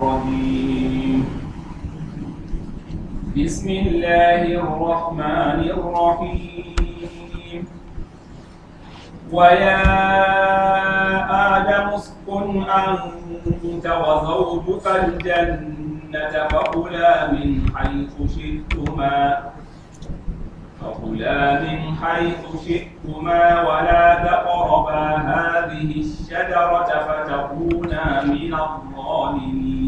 الرجيم بسم الله الرحمن الرحيم ويا آدم اسكن أنت وزوجك الجنة فكلا من حيث شئتما فكلا من حيث شئتما ولا تقربا هذه الشجرة فتكونا من الظالمين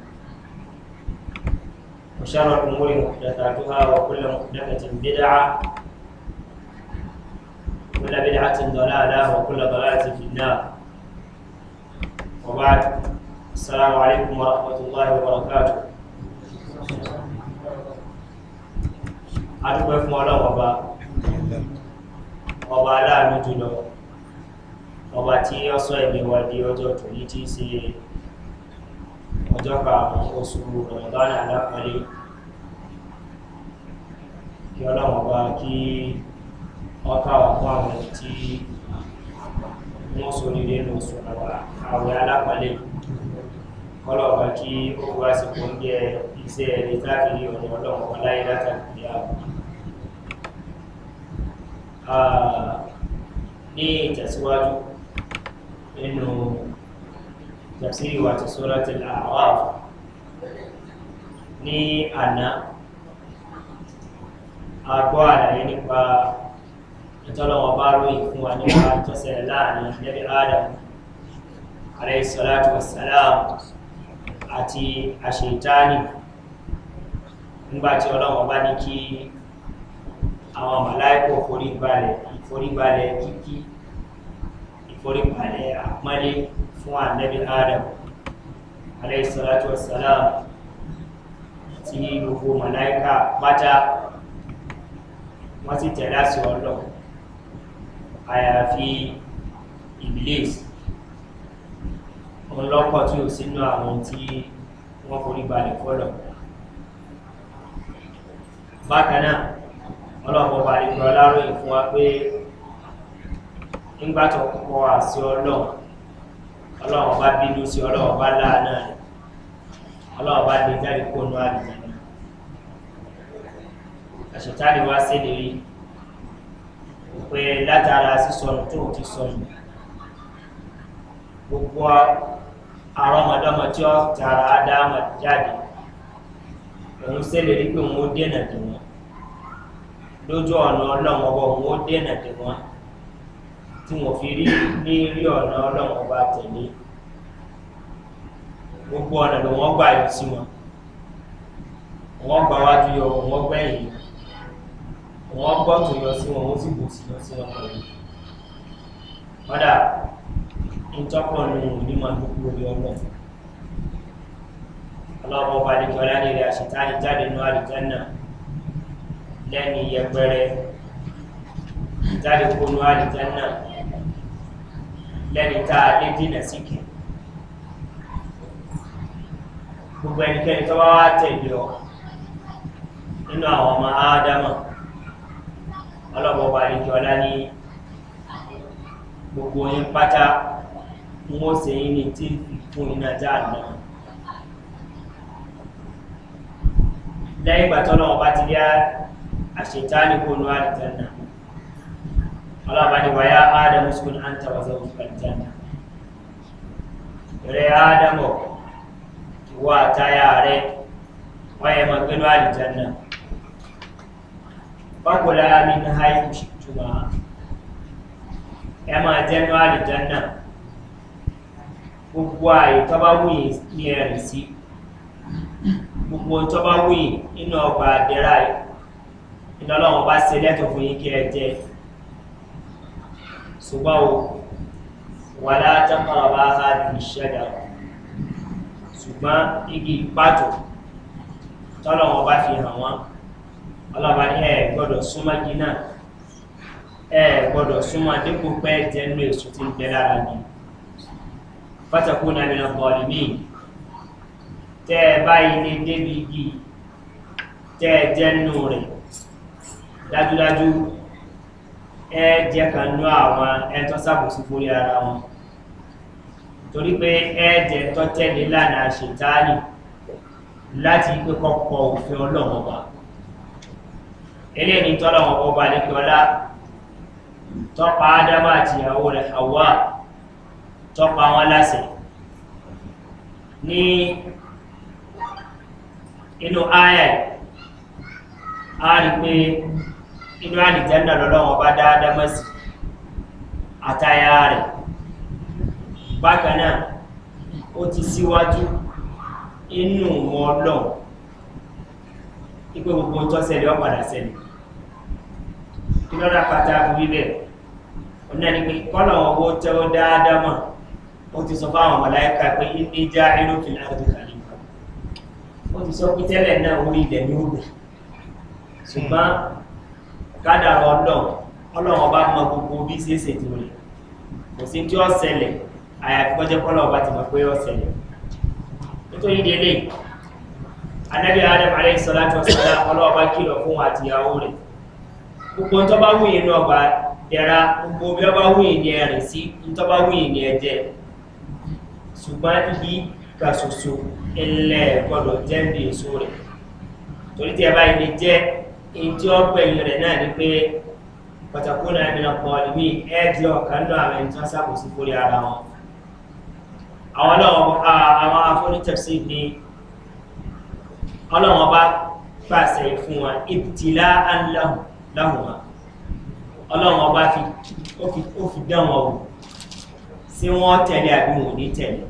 وشر الأمور محدثاتها وكل محدثة بدعة وكل بدعة ضلالة وكل ضلالة في النار وبعد السلام عليكم ورحمة الله وبركاته أتوقع في مولا وبا وبا لا نجلو وبا تي يصوي بوالدي وجوتو يتي سي ọjọ́ karùn-ún oṣù rọ̀mọ̀dánì alápẹ̀lẹ́ kí ọlọ́wọ́n bá kí ọkà ọkọ àwọn tí wọ́n sọ nílé ní oṣù àwẹ̀ alápẹ̀lẹ́ kọ́lọ̀ bá kí ó wá sí kò ń jẹ iṣẹ́ ẹni káàkiri ọ̀nà ọlọ́wọ́n bá láyé látàkùnrin àwọn ah, ní ìtẹ̀síwájú nínú tafsiri wa ti suratul a'raf ní àná àgbọ́ àlàyé nípa ìtọ́lọ́wọ́ bá ròyìn fún wa nípa tọ́sẹ̀rẹ̀ láàrin nẹ́bí adam aleyhisalatu wasalam àti àṣetáni nígbàtí ọlọ́wọ́ bá ní kí àwọn màláìkò foríbalẹ̀ ìforíbalẹ̀ kíkí ìforíbalẹ̀ àpọ́nlé fún ànẹ́bí adam aleyhisalatu wasalam tí gbogbo mọ̀láíkà pátá wọ́n sì tẹ̀lé àṣẹ ọlọ́ àyàfi iblis ọlọ́pọ̀ tí ò sínú àwọn tí wọ́n forí balẹ̀ fọ́lọ̀ bákan náà ọlọ́pọ̀ balẹ̀ fọ́lọ́ láròyìn fún wa pé nígbà tó kọ́ ọlọ́pọ̀ ọlọ́run bá bínú sí ọlọ́run bá láàánà rẹ̀ ọlọ́run bá lè jáde kó nu àlùjẹ̀nu àṣetáni wá sédèrè pé látara sísọnù tó ti sọnù gbogbo àrọmọdọmọ tí ó tara ádámà jáde òun sédèrè pé òun ó dènà dè wọn lójú ọ̀nà ọlọ́run ọwọ́ òun ó dènà dè wọn tí wọ́n fi rí ní rí ọ̀nà ọlọ́run ọba tẹ̀lé gbogbo ọ̀nà ló wọ́n gbà yọ sí wọn wọ́n gbà wájú yọ wọ́n gbẹ̀yìn wọ́n gbọ́ tó yọ sí wọn wọ́n sì bò sí yọ sí wọn pẹ̀lú kọ́dà ntọ́pọ̀ nù ní máa dúpọ̀ lórí ọlọ́ ọlọ́wọ́ ọba àdìgbò alárèrè àṣetáni jáde nù àdìjánà lẹ́ni yẹpẹrẹ jáde kó nù àdìjánà lẹ́ni tá a lé dínà sí kì gbogbo ẹnikẹ́ni tó bá wá tẹ̀lé ọ nínú àwọn ọmọ ádámà ọlọ́gbọ̀gbà àríkíọlá ní gbogbo yín pátá ń ó ṣe yín ní tí fún iná jáà náà lẹ́yìn ìgbà tó náà bá ti rí àṣetáni kó nu àdìtẹ́ ọlọ́ọ̀bá ni wà yá ádámù sùkún àǹtà wà sọ́kùn pẹ̀lú rẹ̀ ádámù ìwọ àtayà rẹ̀ wáyé máa gbẹ́nu àlìjánà bákòlá mi ní háyù ṣìtúmọ̀ ẹ máa jẹ́nu àlìjánà gbogbo ààyè tó bá wùyí ní ẹ̀rì sí gbogbo tó bá wùyí nínú ọgbà àdẹ́rà ìdánlọ́wọ́n bá ṣe lẹ́tọ̀ fún yín kí ẹ jẹ́ ṣùgbọ́n o wà látàkọ̀rọ̀ bá ha bí ṣẹ́dà ṣùgbọ́n igi pàtó tọ́lọ̀wọ́ bá fi hàn wọ́n ọlọ́ba ní ẹ̀ gbọ́dọ̀ súnmọ́ igi náà ẹ̀ gbọ́dọ̀ súnmọ́ dípò pẹ́ jẹ́nu èso tí ń bẹ lára ni pátákó náà mi lọ́kọ̀ ọ̀lì míì tẹ́ ẹ báyìí ní débi igi tẹ́ ẹ jẹ́nu rẹ̀ dájúdájú ẹ jẹ́ kan nú àwọn ẹ̀tọ́ sàbòsí fórí ara wọn torí pé ẹ̀ẹ́dẹ̀ tọ́ tẹ́lẹ̀ lánàá ṣètáàlì láti pé kọ́kọ́ òfin ọlọ́wọ́ bá eléyìí tọ́lọ́wọ́ bọ́ bá lẹ́kẹ́ ọlá tọ́pa ádámà àti ìyàwó rẹ̀ àwọ̀ tọ́pa wọn lásẹ̀ ní inú ayẹ̀ a rí pé inú àlìjẹ́nà lọ́lọ́wọ́ bá dáadáa mọ́sí àtayá rẹ̀ bákan náà ó ti síwájú inú wọn lọ́n ipé gbogbo tó sẹlẹ̀ ọ̀padà sẹlẹ̀ kí lọ́dà pátá fún bíbẹ̀ ọ̀nà ni pé kọ́nà owó tẹ́wọ́ dáadáa mọ̀ ó ti sọ fáwọn mọ̀láyíká pé ní já inú fìlà àti kàlífà ó ti sọ pé tẹ́lẹ̀ náà orí ilẹ̀ ní ṣùgbọ́n kádàrọ̀ ọlọ́run ọlọ́run ọba mọ gbogbo bí ṣe é ṣètò rẹ̀ kò sí tí ó ṣẹlẹ̀ àyàfi kọjá kọ́lọ̀ ọba ti mọ̀ pé ó ṣẹlẹ̀ nítorí délé anábì adam alẹ́ ìsọlá tó sọlá ọlọ́ọba kìlọ̀ fún àtìyàwó rẹ̀ gbogbo ń tọ́ba wúyè ní ọba dẹ̀ra gbogbo bí ọba wúyè ní ẹ̀rìn sí ń tọ́ba wúyè ní ẹ̀jẹ̀ ṣùgbọ́n ibi gbà ṣoṣo ẹlẹ́ẹ̀kọlọ̀ èyí tí wọ́n pẹ̀lú rẹ̀ náà ni pé pàtàkó náà ní ọkọ̀ ìlú ẹ̀ẹ́dì ọ̀kan náà àwọn ẹni tí wọ́n sàkóso fórí ara wọn àwọn ọlọ́wọ́ àwọn afọ́nítẹ̀sí ni ọlọ́wọ́ bá pàṣẹ fún wọn ìbìtìlá aláhùnmá ọlọ́wọ́ bá fi ó dán wọn wò sí wọ́n tẹ̀lé àbí wọn ní tẹ̀lé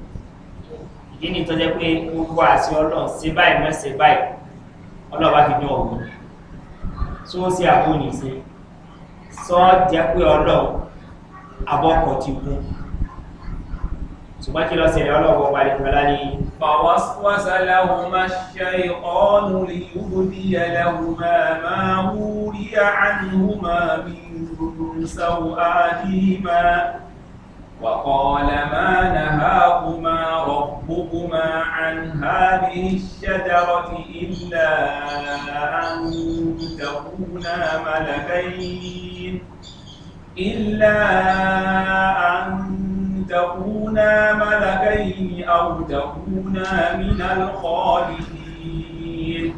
ìdí ni tọ́jẹ́ pé gbogbo àṣẹ ọlọ́run ṣe báyìí mẹ́sẹ̀ báyìí ọlọ́wọ́ bá fi dán wọn wò tí wọ́n ṣe àbóyìnṣe sọ jẹ́ pé ọlọ́run abọ́kọ̀ ti kú ṣùgbọ́n kí lọ sẹ̀rẹ̀ ọlọ́run ọba àdìgbọ́lá ní. فوسوس وقال ما نهاكما ربكما عن هذه الشجرة إلا أن تكونا ملكين إلا أن تكونا ملكين أو تكونا من الخالدين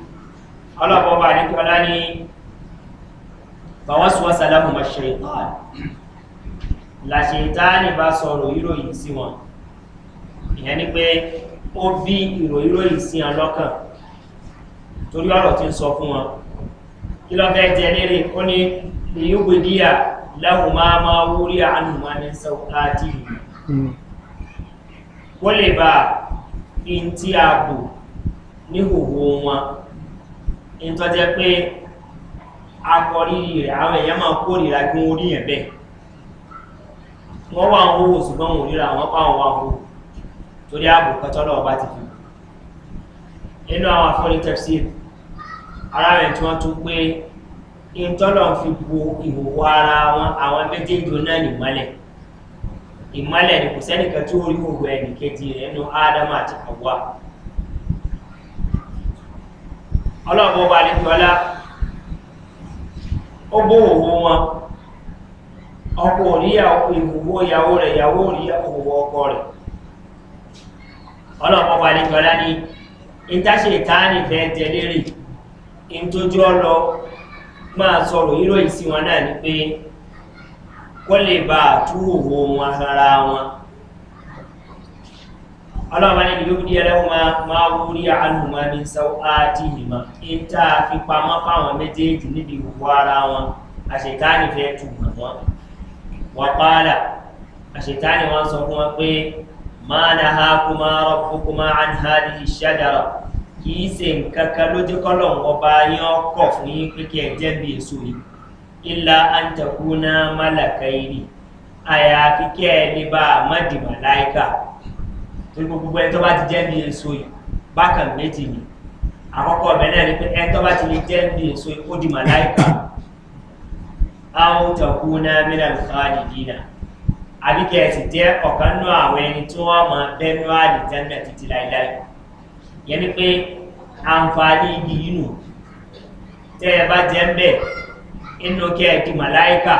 الله بابا عليك فوسوس لهما الشيطان làṣẹ ìtaáni bá sọ ròyìnròyìn sí wọn ìyẹn ni pé ó bí ìròyìnròyìn sí wọn lọ́kàn torí ọ̀rọ̀ tí ń sọ fún wọn kí lọ́ fẹ́ jẹ lérè ó ní ìyúgbé díà lẹ́hùn máa máa wúrí àánú máa ní sọ́kà dìrì kó lè bá in tí a bò ní hòhò wọn in tó jẹ́ pé akọrí rẹ̀ àwọn èèyàn máa kórìíra gbọ́n orí yẹn bẹ́ẹ̀ wọ́n wà ń hówó ṣùgbọ́n wọn ríra wọn pa àwọn wà ń hówó torí ọba ti fi nínú àwọn afọ́lẹ́ ara rẹ̀ tí wọ́n tún pé fi bo ìhòòhò ara wọn àwọn méjèèjì náà nìmọ́lẹ̀ ìmọ́lẹ̀ kò sẹ́nìkan tí ó rí òwò rẹ̀ nínú àti àwa ọlọ́ọ̀bọ̀ tọ́lá ó ọkọ̀ òrí ìhùwò ìyàwó rẹ̀ ìyàwó òrí ìhùwò ọkọ̀ rẹ̀ ọlọ́pọ̀ wà ní gbọ́lá ní ìtaṣe ìtaánì fẹ́ tẹ̀lé rì in tó jọ lọ máa sọ̀rọ̀ ìròyìn sí wọn náà ni pé kó lè bá àtúhòhò wọn ara wọn ọlọ́pàá ní ìlú díẹ̀ lẹ́wọ̀n máa wú rí àánúmọ́ ní sọ́ọ́ in tá a fi pamọ́ fáwọn méjèèjì níbi ìhòhò ara wọn àṣetáánì fẹ́ tù wọ́n wàkàlà àṣetáni wọn sọ fún wọn pé máa na ha kú máa rọ́pò kú máa ń ha ní ìṣàdára kì í ṣe nǹkan kan lójú kọ́lọ̀ ọba yín ọkọ̀ fún yín pé kí ẹ jẹ́ bí èso yìí ilà àǹtẹ̀kù náà málàkà yìí àyàfi kí ẹ bá a má dì màláìkà torí gbogbo ẹni tó bá ti jẹ́ èso yìí bákan méjì ni àkọ́kọ́ ọ̀bẹ náà ni pé ẹni tó bá ti lè èso yìí ó di màláìkà aw takuna min al khalidina àbí kẹ́ ẹ sì jẹ́ ọ̀kan nú àwọn ẹni tí wọ́n mọ bẹ́nu àlìjánná títí láíláí yẹn ni pé àǹfààní igi yìí nù tẹ́ ẹ bá jẹ́ ń bẹ̀ inú kẹ́ ẹ di màláìkà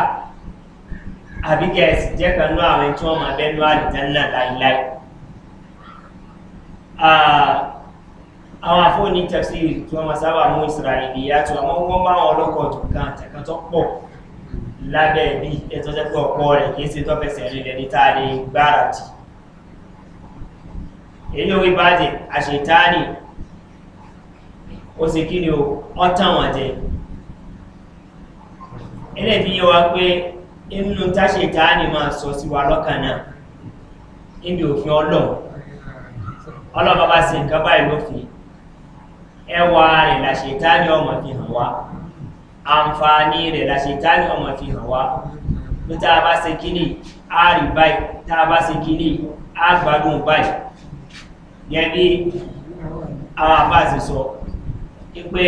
àbí kẹ́ ẹ sì jẹ́ kan nú àwọn ẹni tí wọ́n mọ bẹ́nu àlìjánná láíláí. àwọn àfọ̀ní tẹ̀sí tí wọ́n máa sábà mú ìsirahìlì yàtọ̀ àwọn wọ́n bá wọn lọ́kọ̀ọ́ tó kan àtẹ̀kọ́ tó pọ̀ lábẹ́ ibi ẹ̀tọ́jẹ́ pé ọ̀pọ̀ rẹ̀ kìí ṣe tó fẹsẹ̀ rí lẹ́ni tá a lè gbára tì èyí ló wí bájẹ̀ àṣetáàní ó sì kí ni o wọ́n tàn wọ́n jẹ ilé fi yẹ wa pé inú táṣetáàní máa sọ sí wa lọ́kàn náà níbi òfin ọlọ́run ọlọ́run bá bá ṣe nǹkan báyìí lófin ẹwà rẹ̀ làṣetáàní ọmọ fi hàn wá àǹfààní rẹ̀ làṣetáni ọmọ fi hàn wá ló tá a bá se kíní a rí báyìí tá a bá se kíní a gbádùn báyìí yẹn bí àwọn àbáṣe sọ pé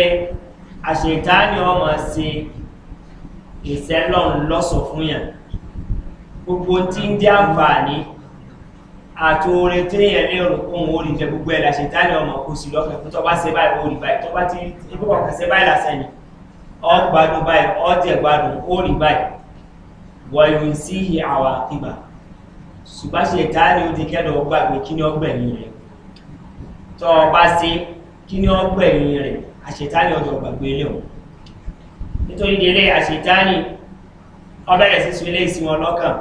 àṣetáni ọmọ se ìsẹ́lọ́run lọ́sọ̀ fún yàn gbogbo tí ń jẹ́ àǹfààní àti orin tí jẹ gbogbo ẹ̀ làṣetáni ọmọ kò sí lọ́kàn tó bá se báyìí orí báyìí tó bá ti ń bọ̀ ọgbádùn báyìí ọjẹ̀gbádùn orí báyìí wọ̀nyí sí ihe awa àkíbà ṣùgbọ́n ṣe ìtaari ó ti kẹ́lọ̀ gbàgbé kí ni ọgbẹ̀yìn rẹ̀ tọ́ kí ni ọgbẹ̀yìn rẹ̀ ọjọ́ gbàgbé ilé nítorí délé ọbẹ̀rẹ̀ ilé ìsìn wọn lọ́kàn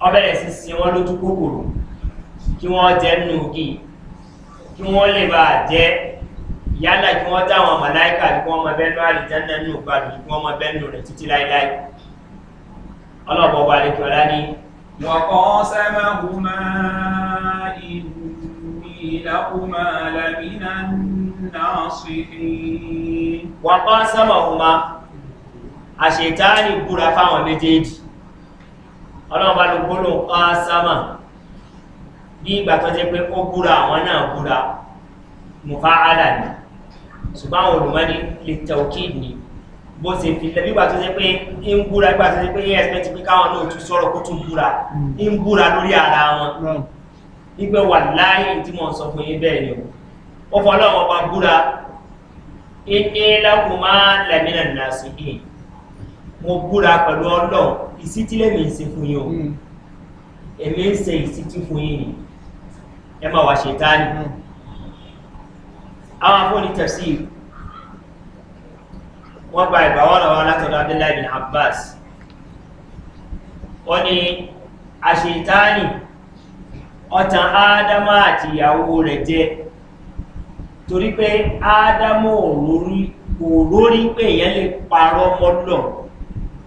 ọbẹ̀rẹ̀ wọn lójú kòkòrò yálà kí wọ́n táwọn mọ̀láíkà kí wọ́n mọ bẹ́nu àlìjánná ní ògbàdùn kí wọ́n mọ bẹ́nu rẹ̀ títí láíláí ọlọ́bọ̀ wà lè kíọ́lá ní. wọ́n kọ́ sẹ́mẹ̀ hùmá ìlàkùmá lámìnà náà sí i. wọ́n kọ́ bí ìgbà tó jẹ́ pé ó búra àwọn náà búra mùfá àlàní ṣùgbọ́n àwọn olùmọ́ni lè tẹ òkè ní bó ṣe fi lẹ́ nígbà tó ṣe pé ń búra nígbà tó ṣe pé ń ẹ̀sìn ti pé káwọn náà tún sọ̀rọ̀ kó tún búra hmm. ń búra lórí ara wọn nígbà wà láàyè tí mò ń sọ fún yín bẹ́ẹ̀ ni ó fọ́ ọlọ́run ọba búra ní lákùnmá lẹ́mìnà nàásì yìí mo búra pẹ̀lú ọlọ́run ìsítílẹ̀ mi ń fún yín o hmm. èmi ń se ìsítí fún yín ni ẹ máa wà ṣètáni àwọn afọ́ni tafsir wọ́n gba ìbáwọ́ lọ́wọ́ látọ̀dọ̀ abdullahi bin abbas wọ́n ni àṣetáni ọ̀tàn ádámà àti ìyàwó rẹ̀ jẹ́ torí pé ádámà òrórí pé èèyàn lè parọ́ mọ́lọ̀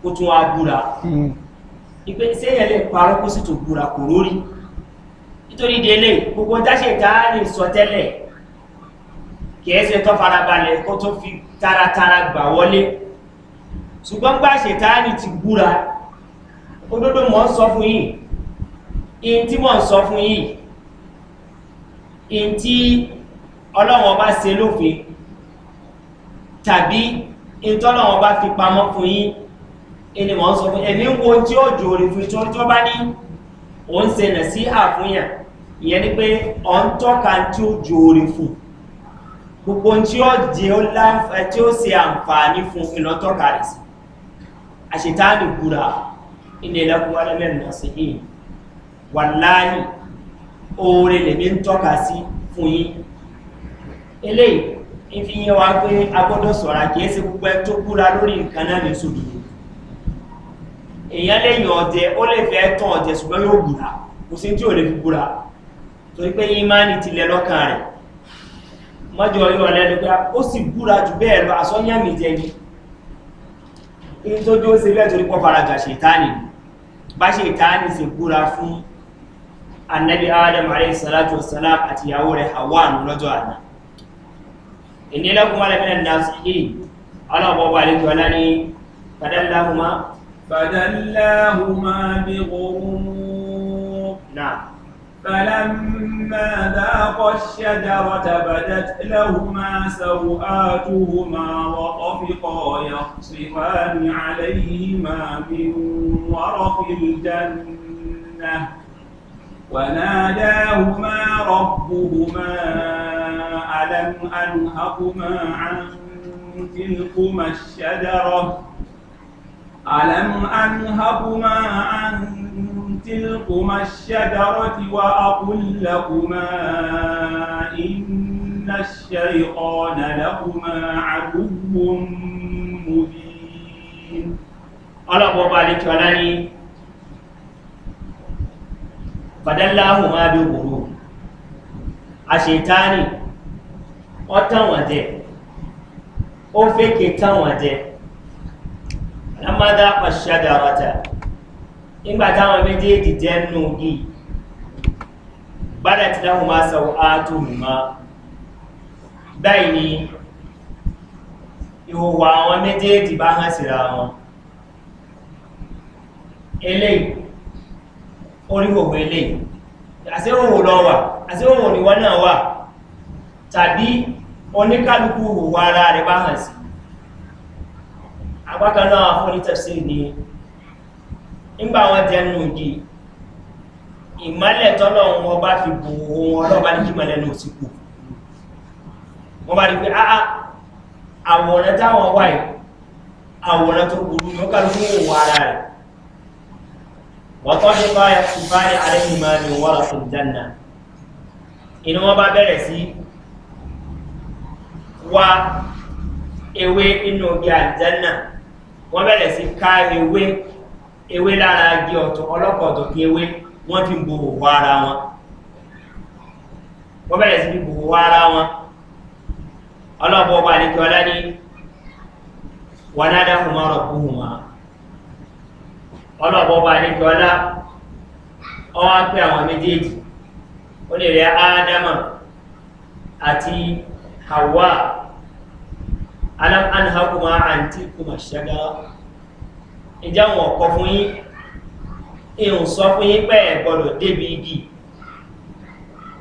kó tún wá búra ìpé hmm. sí èèyàn lè parọ́ kó sì tún búra kò rórí nítorí délé gbogbo dáṣe táà lè sọ tẹ́lẹ̀ kìí ṣe tó farabalẹ̀ kó tó fi taratara gbà wọlé ṣùgbọ́n gbà ṣètáàní ti búra òdodo mọ̀ ń sọ fún yìí ihun tí mọ̀ ń sọ fún yìí ihun tí ọlọ́wọ́n bá ṣe lófin tàbí ihun tí ọlọ́wọ́n bá fi pamọ́ fún yìí ẹni mọ̀ ń sọ fún ẹni wo tí ó jòrè fún tí ó bá ní òun ṣe nà sí àfúnyà ìyẹn ni pé ọ̀ ń tọ́ka tí ó jòrè fún un gbogbo tí ó jẹ́ ó láǹfà tí ó se àǹfààní fún ìlọ́tọ́ka rẹ̀ sí àṣetáàlì búra ilẹ̀ ìlẹ́kùn alẹ́lẹ́nà sí yìí wà láàyè oore lèmi ń tọ́ka sí fún yín eléyìí fi yẹ wá pé agbọ́dọ̀ sọ̀ra kìí ṣe gbogbo ẹ tó búra lórí nǹkan náà ní sódì èèyàn lẹ́yìn ọ̀jẹ̀ ó lè fẹ́ tán ọ̀jẹ̀ ṣùgbọ́n yóò búra kò sí tí ò lè fi búra torí pé yín máa ní tilẹ̀ lọ́kàn rẹ̀ mọ́jọ ìwọ̀n lẹ́nu pé ó sì búra jù bẹ́ẹ̀ lọ àsọ́yàmì jẹni in tó jó sí bẹ́ẹ̀ torí pọ́farajà ṣètáni bá ṣètáni sì búra fún annabi adam aleyhisalatu wasalam àti ìyàwó rẹ̀ hawan lọ́jọ́ àná ìnílẹ́kùn alẹ́mìnà nasihi ọlọ́pọ̀ọpọ̀ àlejò ọlá فلما ذاق الشجرة بدت لهما سوآتهما وطفقا يخصفان عليهما من ورق الجنة وناداهما ربهما ألم أنهكما عن تلكما الشجرة ألم أنهكما عن تلكما الشجرة وأقول لكما إن الشيطان لكما عدو مبين الله بارك ولاني فدلاهما بالغرور àṣetáni ọ táwọn jẹ ó fèkè táwọn jẹ alámádá pàṣẹ dára ta nígbà táwọn méjèèjì jẹ́ nù yìí gbádà tí dáhùn máa sọ áàtò mọ́ báyìí ni ìhòwò àwọn méjèèjì bá hàn síra wọn eléyìí oríhòwò eléyìí àṣẹ́hòwò lọ wà àṣẹ́hòwò ni wọ́n náà wà tàbí oníkálukú hòwò ara rẹ̀ bá hàn sí apákanáà fún ní ni nígbà wọn jẹ nù igi ìmọ́lẹ̀ tọ́lọ̀ wọn bá fi bò wọn ọlọ́ba ní kí mọ́lẹ̀ náà sì kù wọ́n bá rí pé áá àwòrán táwọn wà yìí àwòrán tó burú tó kálukú wò wọ ara rẹ̀ wọ́n bẹ̀rẹ̀ sí ká ewé ewé lára na ọ̀tún ọlọ́pọ̀ ọ̀tọ̀ kí ewé wọ́n fi bo òwò ara wọn wọ́n bẹ̀rẹ̀ sí fi bo òwò ara wọn ọlọ́pọ̀ ọba àdékè ọlá ní wànádà fún ọrọ̀ kú ọlọ́pọ̀ ọba àdékè ọlá ọwọ́ pé àwọn méjèèjì ó lè rẹ ádámà àti hawa alam ìjà wọn kọ fún yín sọ fún yín pé ẹ débi igi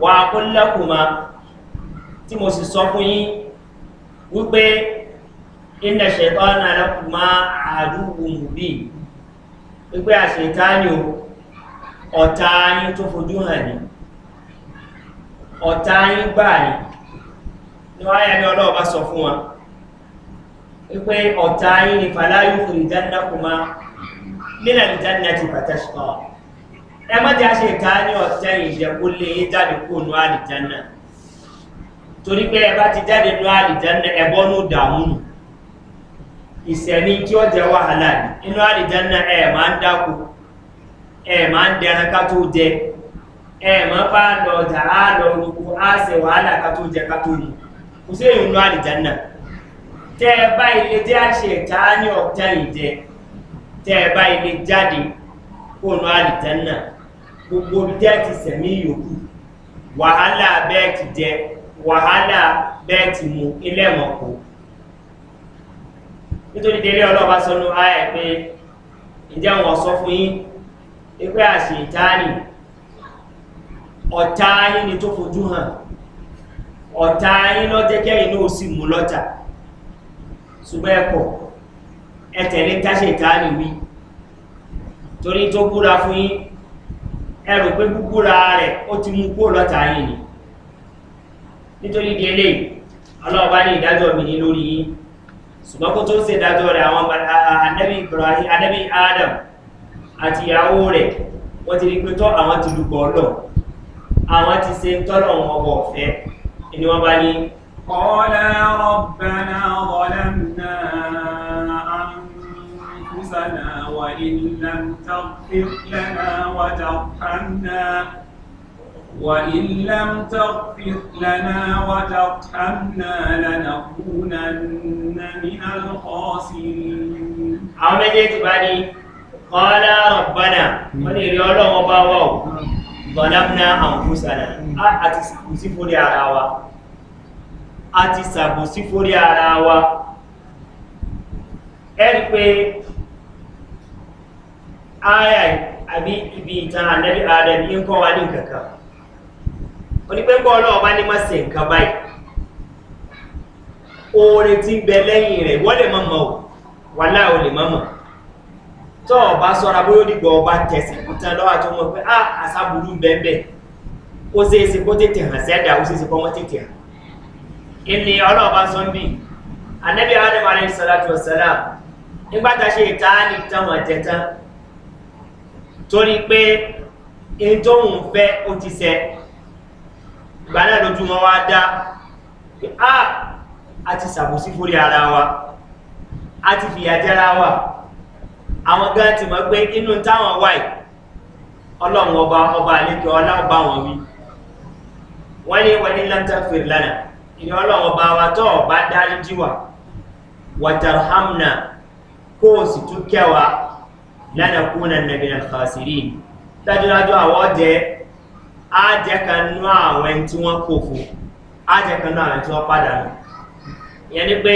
wà kó lẹ́kùnmá tí mo sì sọ fún yí wípé iná ṣètọ́ náà lẹ́kùnmá àdúgbò mùbí wípé àṣetáni o ọ̀tá yín tó fojú hàn ní yín ni wáyé ọlọ́ọ̀bá sọ pé ọ̀tá yín ni fàlàyé fún ìdáná kuma mílẹ̀ ìdáná ti pàtàkì ẹ má jẹ́ àṣẹ ìta ní ọ̀tá ìjẹ̀kú lé yín jáde kó nu àlìjáná torí pé ẹ bá ti jáde nu àlìjáná ẹ bọ́ nù dààmú nù ìsẹ̀ni tí ó jẹ́ wàhálà ní inú àlìjáná ẹ máa ń dákú ẹ máa ń dẹran ká tó jẹ ẹ máa bá lọ jà á lọ rúkú á ṣe wàhálà ká tó jẹ ká tó yìí kò sí èyí inú àlìjáná tẹ́ ẹ bá ilé jẹ́ àṣẹ ìta ní ọ̀tá ìjẹ tẹ́ ẹ bá ilé jáde kóònù àlìtẹ́nà gbogbo ibi ti sẹ̀mí yòókù wàhálà bẹ́ẹ̀ ti jẹ wàhálà bẹ́ẹ̀ ti mu ilé ẹ̀mọ̀kù nítorí délé ọlọ́ba sọnù ayẹ pé ǹjẹ́ wọn sọ fún yín pé àṣẹ ìta ni ọ̀tá yín ni tó fojú hàn ọ̀tá yín lọ́jẹ́kẹ́yìn náà sì mú lọ́jà ṣùgbọ́n ẹ̀pọ̀ ẹ̀tẹ̀lé táṣẹ ìtaàlì wí torí tó búra fún yí ẹrù pé búbúra rẹ̀ ó ti mú kó lọ́ta yìí ni nítorí di eléyìí ọlọ́ọ̀bá ní ìdájọ́ mi ní lórí yí ṣùgbọ́n kó tó ṣe ìdájọ́ rẹ̀ àwọn anẹ́bí ibrahim anẹ́bí adam àti ìyàwó rẹ̀ wọ́n ti rí pé tọ́ àwọn ti lùgbọ́ ọlọ́ àwọn ti ṣe tọ́lọ̀ wọn ọgbọ̀ ọ̀fẹ́ ni wọ́n bá ní قالا ربنا ظلمنا أنفسنا وإن لم تغفر لنا وترحمنا وإن لم تغفر لنا وترحمنا لنكونن من الخاسرين àwọn méjèèjì bá ní kọ́lá rọ̀bánà wọ́n lè rí ọlọ́wọ́ bá wọ́ ọ̀dọ̀lámná àǹfúsànà àti kùsífò ní ara wa a ti sàbòsí fórí ara wa ẹni pé aya àbí ibi ìtàn ànẹ́bí adam yìí ń kọ́ wa ní kankan onípẹ́ńkọ́ ọlọ́ọ̀bá ní má se nǹkan báyìí oore ti ń bẹ lẹ́yìn rẹ̀ wọ́n lè mọ̀ mọ̀ ọ́ wà láò lè mọ̀ mọ̀ tọ́ ọba sọ́ra bóyó dìgbà ọba tẹ̀sí kútan lọ́wọ́ àti ọmọ pé a ah, àṣà burú bẹ́ẹ̀ bẹ́ẹ̀ ó ṣeé ṣe kó tètè hàn sẹ́dà ó ṣeé ṣe kó wọ́n tètè hàn ìní ọlọ́ọ̀bá sunday anabi adam alayhi salatu wa salam nígbà tá a ṣe ìtaani tán wọn jẹ tán torí pé èyí tó ń fẹ́ ó ti sẹ ìgbà náà lójú wọn wá dá pé a a ti ṣàbòsí fúri ara wa a ti fìyà jẹra wa àwọn gan ti mọ̀ pé inú táwọn wáyé ọlọ́run ọba ọba àlejò ọlá wọn wí wọ́n ní wọ́n ní lantan fèrè lánàá ìyẹn ọlọ́run ọba wa tó ọba dárí jíwà wàtàrhamna kó o sì tún kẹwàá lánàá kúnà nàbìnà kàṣírí dájúdájú àwọn jẹ ájẹkanú àwọn ẹni tí wọn kò fún ájẹkanú àwọn ẹni tí wọn padà nù ìyẹn ni pé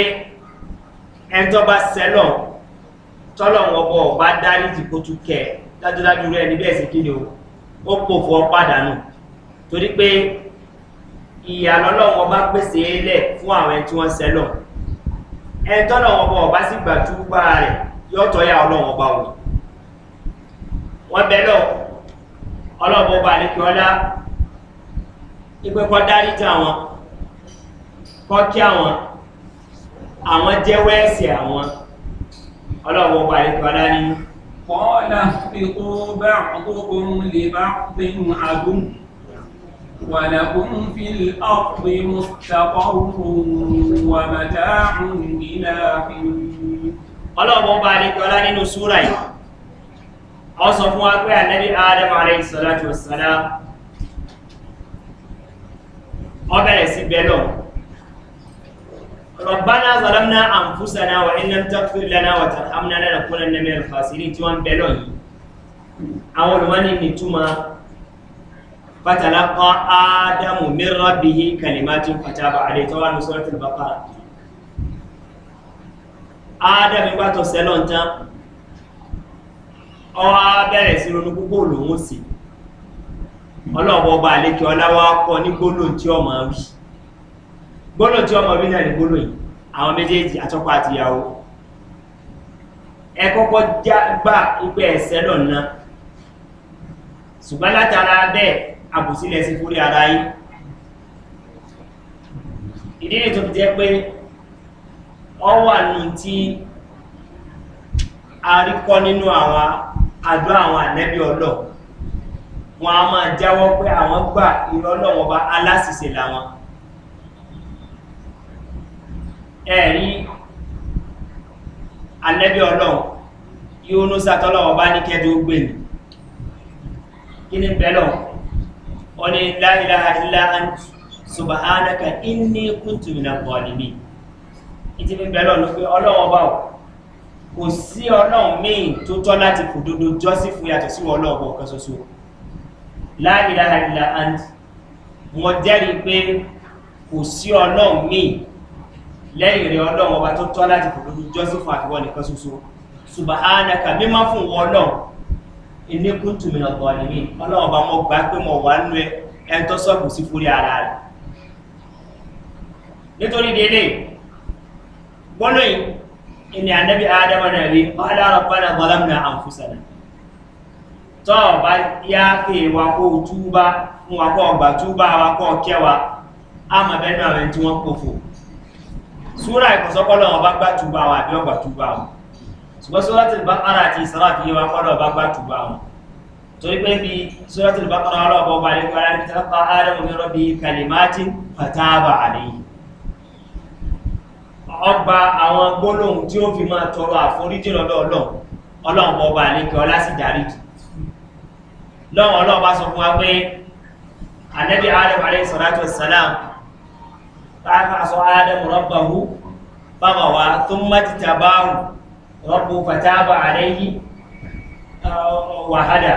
ẹni tó bá sẹlọ tọ́lọ̀ wọn bọ̀ ọba dárí ti kó tún kẹ dájúdájú rẹ níbẹ̀ sí kí ni o ó kò ọ padà nù torí pé. ìyàlọ́lọ́wọ́ bá pèsè ilẹ̀ fún àwọn ẹni tí wọ́n sẹ́lọ̀ ẹni tọ́lọ́wọ́ ọba sì gbà rẹ̀ yọ́tọ̀ yà ọlọ́wọ́ bá wọn wọ́n bẹ lọ ọlọ́wọ́ bá lè kí ọlá ipe kọ́ dárí tí àwọn kọ́ kí àwọn àwọn àwọn ọlọ́wọ́ bá lè kí ولكم في الأرض مستقر ومتاع إلى حين ọlọ́ọ̀bọ̀ ọba adékọ́lá nínú súra yìí ọ sọ fún wa pé ànẹ́bí adam aleyhisalatu wasala ọ bẹ̀rẹ̀ sí bẹ́lọ̀ rọ̀bánà zalamna àǹfúsànà wà iná tàfíìlànà wà tàhámnà lẹ́nà nẹ́mẹ́rẹ̀ fàṣírí tí wọ́n bẹ́lọ̀ yìí فتلقى آدم من ربه كلمات فتاب عليه توا من سورة البقرة آدم ìgbà tó sẹ́lọ̀ ń tán ọwọ́ bẹ̀rẹ̀ sí ronú gbogbo lòun sí ọlọ́ọ̀bọ ọba àlékè ọláwọ́ akọ ní gbólóhùn tí ọmọ rí gbólóhùn tí ọmọ rí náà ní gbólóhùn yìí àwọn méjèèjì àtọ́kọ àtìyàwó ẹ kọ́kọ́ gbà ìpẹ́ ẹ̀sẹ̀ lọ́nà ṣùgbọ́n látara bẹ́ẹ̀ àbòsílẹ̀ sí fórí ara yìí ìdí ètò jẹ́ pé ọ wà ní tí a rí kọ́ nínú àwọn àjọ àwọn ànẹ́bí ọlọ́ wọn a máa jáwọ́ pé àwọn gbà ìrọ́lọ́wọ́ bá aláṣìṣe làwọn ẹ̀rí ànẹ́bí ọlọ́run yóò ní sàtọ́lọ́wọ́ bá ní kẹ́ẹ̀dógbè kí ni bẹ́lọ́wọ́ ọni láìlá ilá an subhanaka inni kuntu mina bọ̀lìmí ìtí fi bẹ̀rẹ̀ lọ́nà pé ọlọ́wọ́n bá kò sí ọlọ́run míì tó tọ́ láti fòdodo jọ́sí fún yàtọ̀ sí ọlọ́ọ̀bọ̀ kan ṣoṣo láìlá ilá wọ́n jẹ́rìí pé kò sí ọlọ́run míì lẹ́yìn rẹ̀ ọlọ́run ọba tó tọ́ láti fòdodo jọ́sí fún àtiwọ́ ilé kúntù mi lọ́kọ̀ ni mí ọlọ́run bá mọ́ gbá pé mo wà nínú ẹ ẹ tó sọ́ọ̀bù sí fúri ara rẹ̀ nítorí délé gbọ́nà ìní ànábì ádámà náà rí ọ̀hádàrọ̀ padà bọ́lá mi náà àǹfùsànà tọ́ ọ̀bá yá pé wa kó túbá fún wa kó ọgbà túbá wa kó kẹwa àmà bẹ́ẹ̀ náà rẹ̀ tí wọ́n kófò súrà ìkọ̀sọ́kọ́ lọ́wọ́ bá gbá túbá wa àbí ọgbà túbá wa ṣùgbọ́n sóràtì bàkàrà àti ìsàrà fi wá kọ́dọ̀ bá gbà tù bá wọn torí pé bí sóràtì bàkàrà ọlọ́ọ̀bọ̀ ọba rẹ̀ gbára ní tẹ́lẹ̀pá ádámù mi rọ́bì kalimati fataba àlẹ́yìn ọgbà àwọn gbólóhùn tí ó fi máa tọrọ àforíjì lọ́dọ̀ ọlọ́run ọlọ́run ọba àlẹ́kẹ́ ọlá sì dáríjì lọ́wọ́ ọlọ́run bá wa pé anabi adam alayhi ربه فتاب عليه wàhádà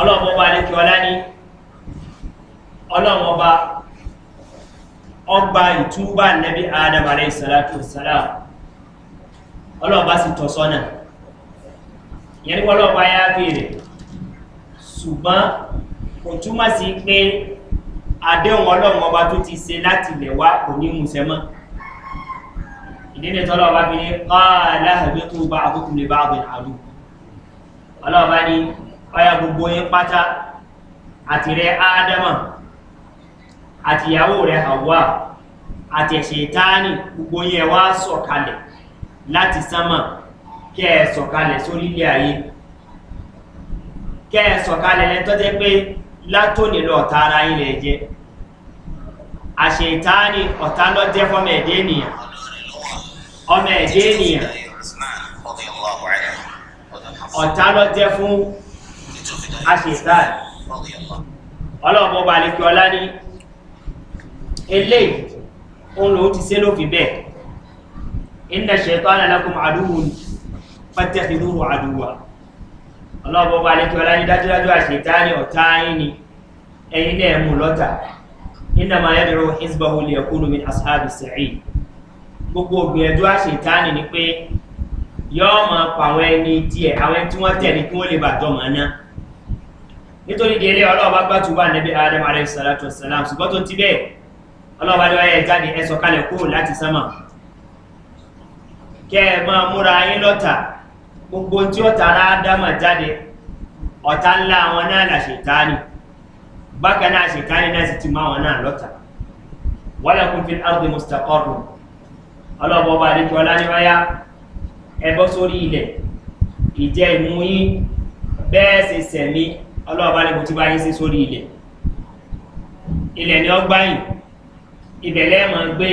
ọlọ́run ọba alẹ́ kí ọlá ní ọlọ́run ọba ọgbà ìtúbà nẹ́bí adam alẹ́ ìsàlátò ìsàlá ọlọ́run bá sì tọ̀ sọ́nà ìyẹn nípa ọlọ́run bá yá bèèrè ṣùgbọ́n kò túmọ̀ sí pé àdéhùn ọlọ́run tó ti ṣe láti lẹ̀ kò ní mùsẹ̀ ìdílé tọ́lọ́ bá fi ní kọ́ọ̀lá ẹ̀gbẹ́ tó bá àkókò lè bá àgbẹ̀ àlù ọlọ́ọ̀bá ní ọya gbogbo yín pátá àti rẹ ádámà àti ìyàwó rẹ hawa àti ẹ̀ṣẹ̀ ìtaani gbogbo yín ẹwà sọ̀kalẹ̀ láti sánmà kẹ́ ẹ sọ̀kalẹ̀ sórílẹ̀ ayé kẹ́ ẹ sọ̀kalẹ̀ ọmọ ẹ̀dẹ́ ènìyàn ọ̀tá lọ jẹ́ fún aṣèṣáàlì ọlọ́ọ̀bọ̀ bá lè kí ọlá ní eléyìí òun lòun ti sé lófin bẹ́ẹ̀ iná ṣètò alálàkùn àdúgbò fàtẹ́fìdúró àdúgbò ọlọ́ọ̀bọ̀ bá lè kí ọlá ní dájúdájú àṣèṣáàlì ọ̀tá yín ni náà mú lọ́tà iná máa yẹ́ dẹ̀rọ hezbollah kúrò min asáàbì sẹ́yìn gbogbo ògbìyànjú àṣetánì ni pé yọọ máa pa àwọn ẹni díẹ àwọn ẹni tí wọn tẹlẹ kí wọn lè bàjọ mọ náà nítorí délé ọlọ́ọ̀bá gbàtú wà níbi adam aleyhisalatu salam ṣùgbọ́n tó ti bẹ́ẹ̀ ọlọ́ọ̀bá ló yẹ jáde ẹ sọ̀kalẹ̀ kúrò láti sánmà kẹ ẹ máa múra yín lọ́tà gbogbo tí ó tara ádámà jáde ọ̀tá ńlá àwọn náà là bákan náà ṣètáni náà sì ti máa wọn náà lọ́tà wọ́n lẹ́kùn fi áwùdí ọlọ́bọ̀ ọba àdéjọ ọláníwáyá ẹbọ́ sórí ilẹ̀ ìjẹ́ ìmú yín bẹ́ẹ̀ ṣe sẹ̀mí ọlọ́ọ̀bá ní mo ti bá yín sí sórí ilẹ̀ ilẹ̀ ni ọgbà yìí ibẹ̀ lẹ́ẹ̀mọ̀ ń gbé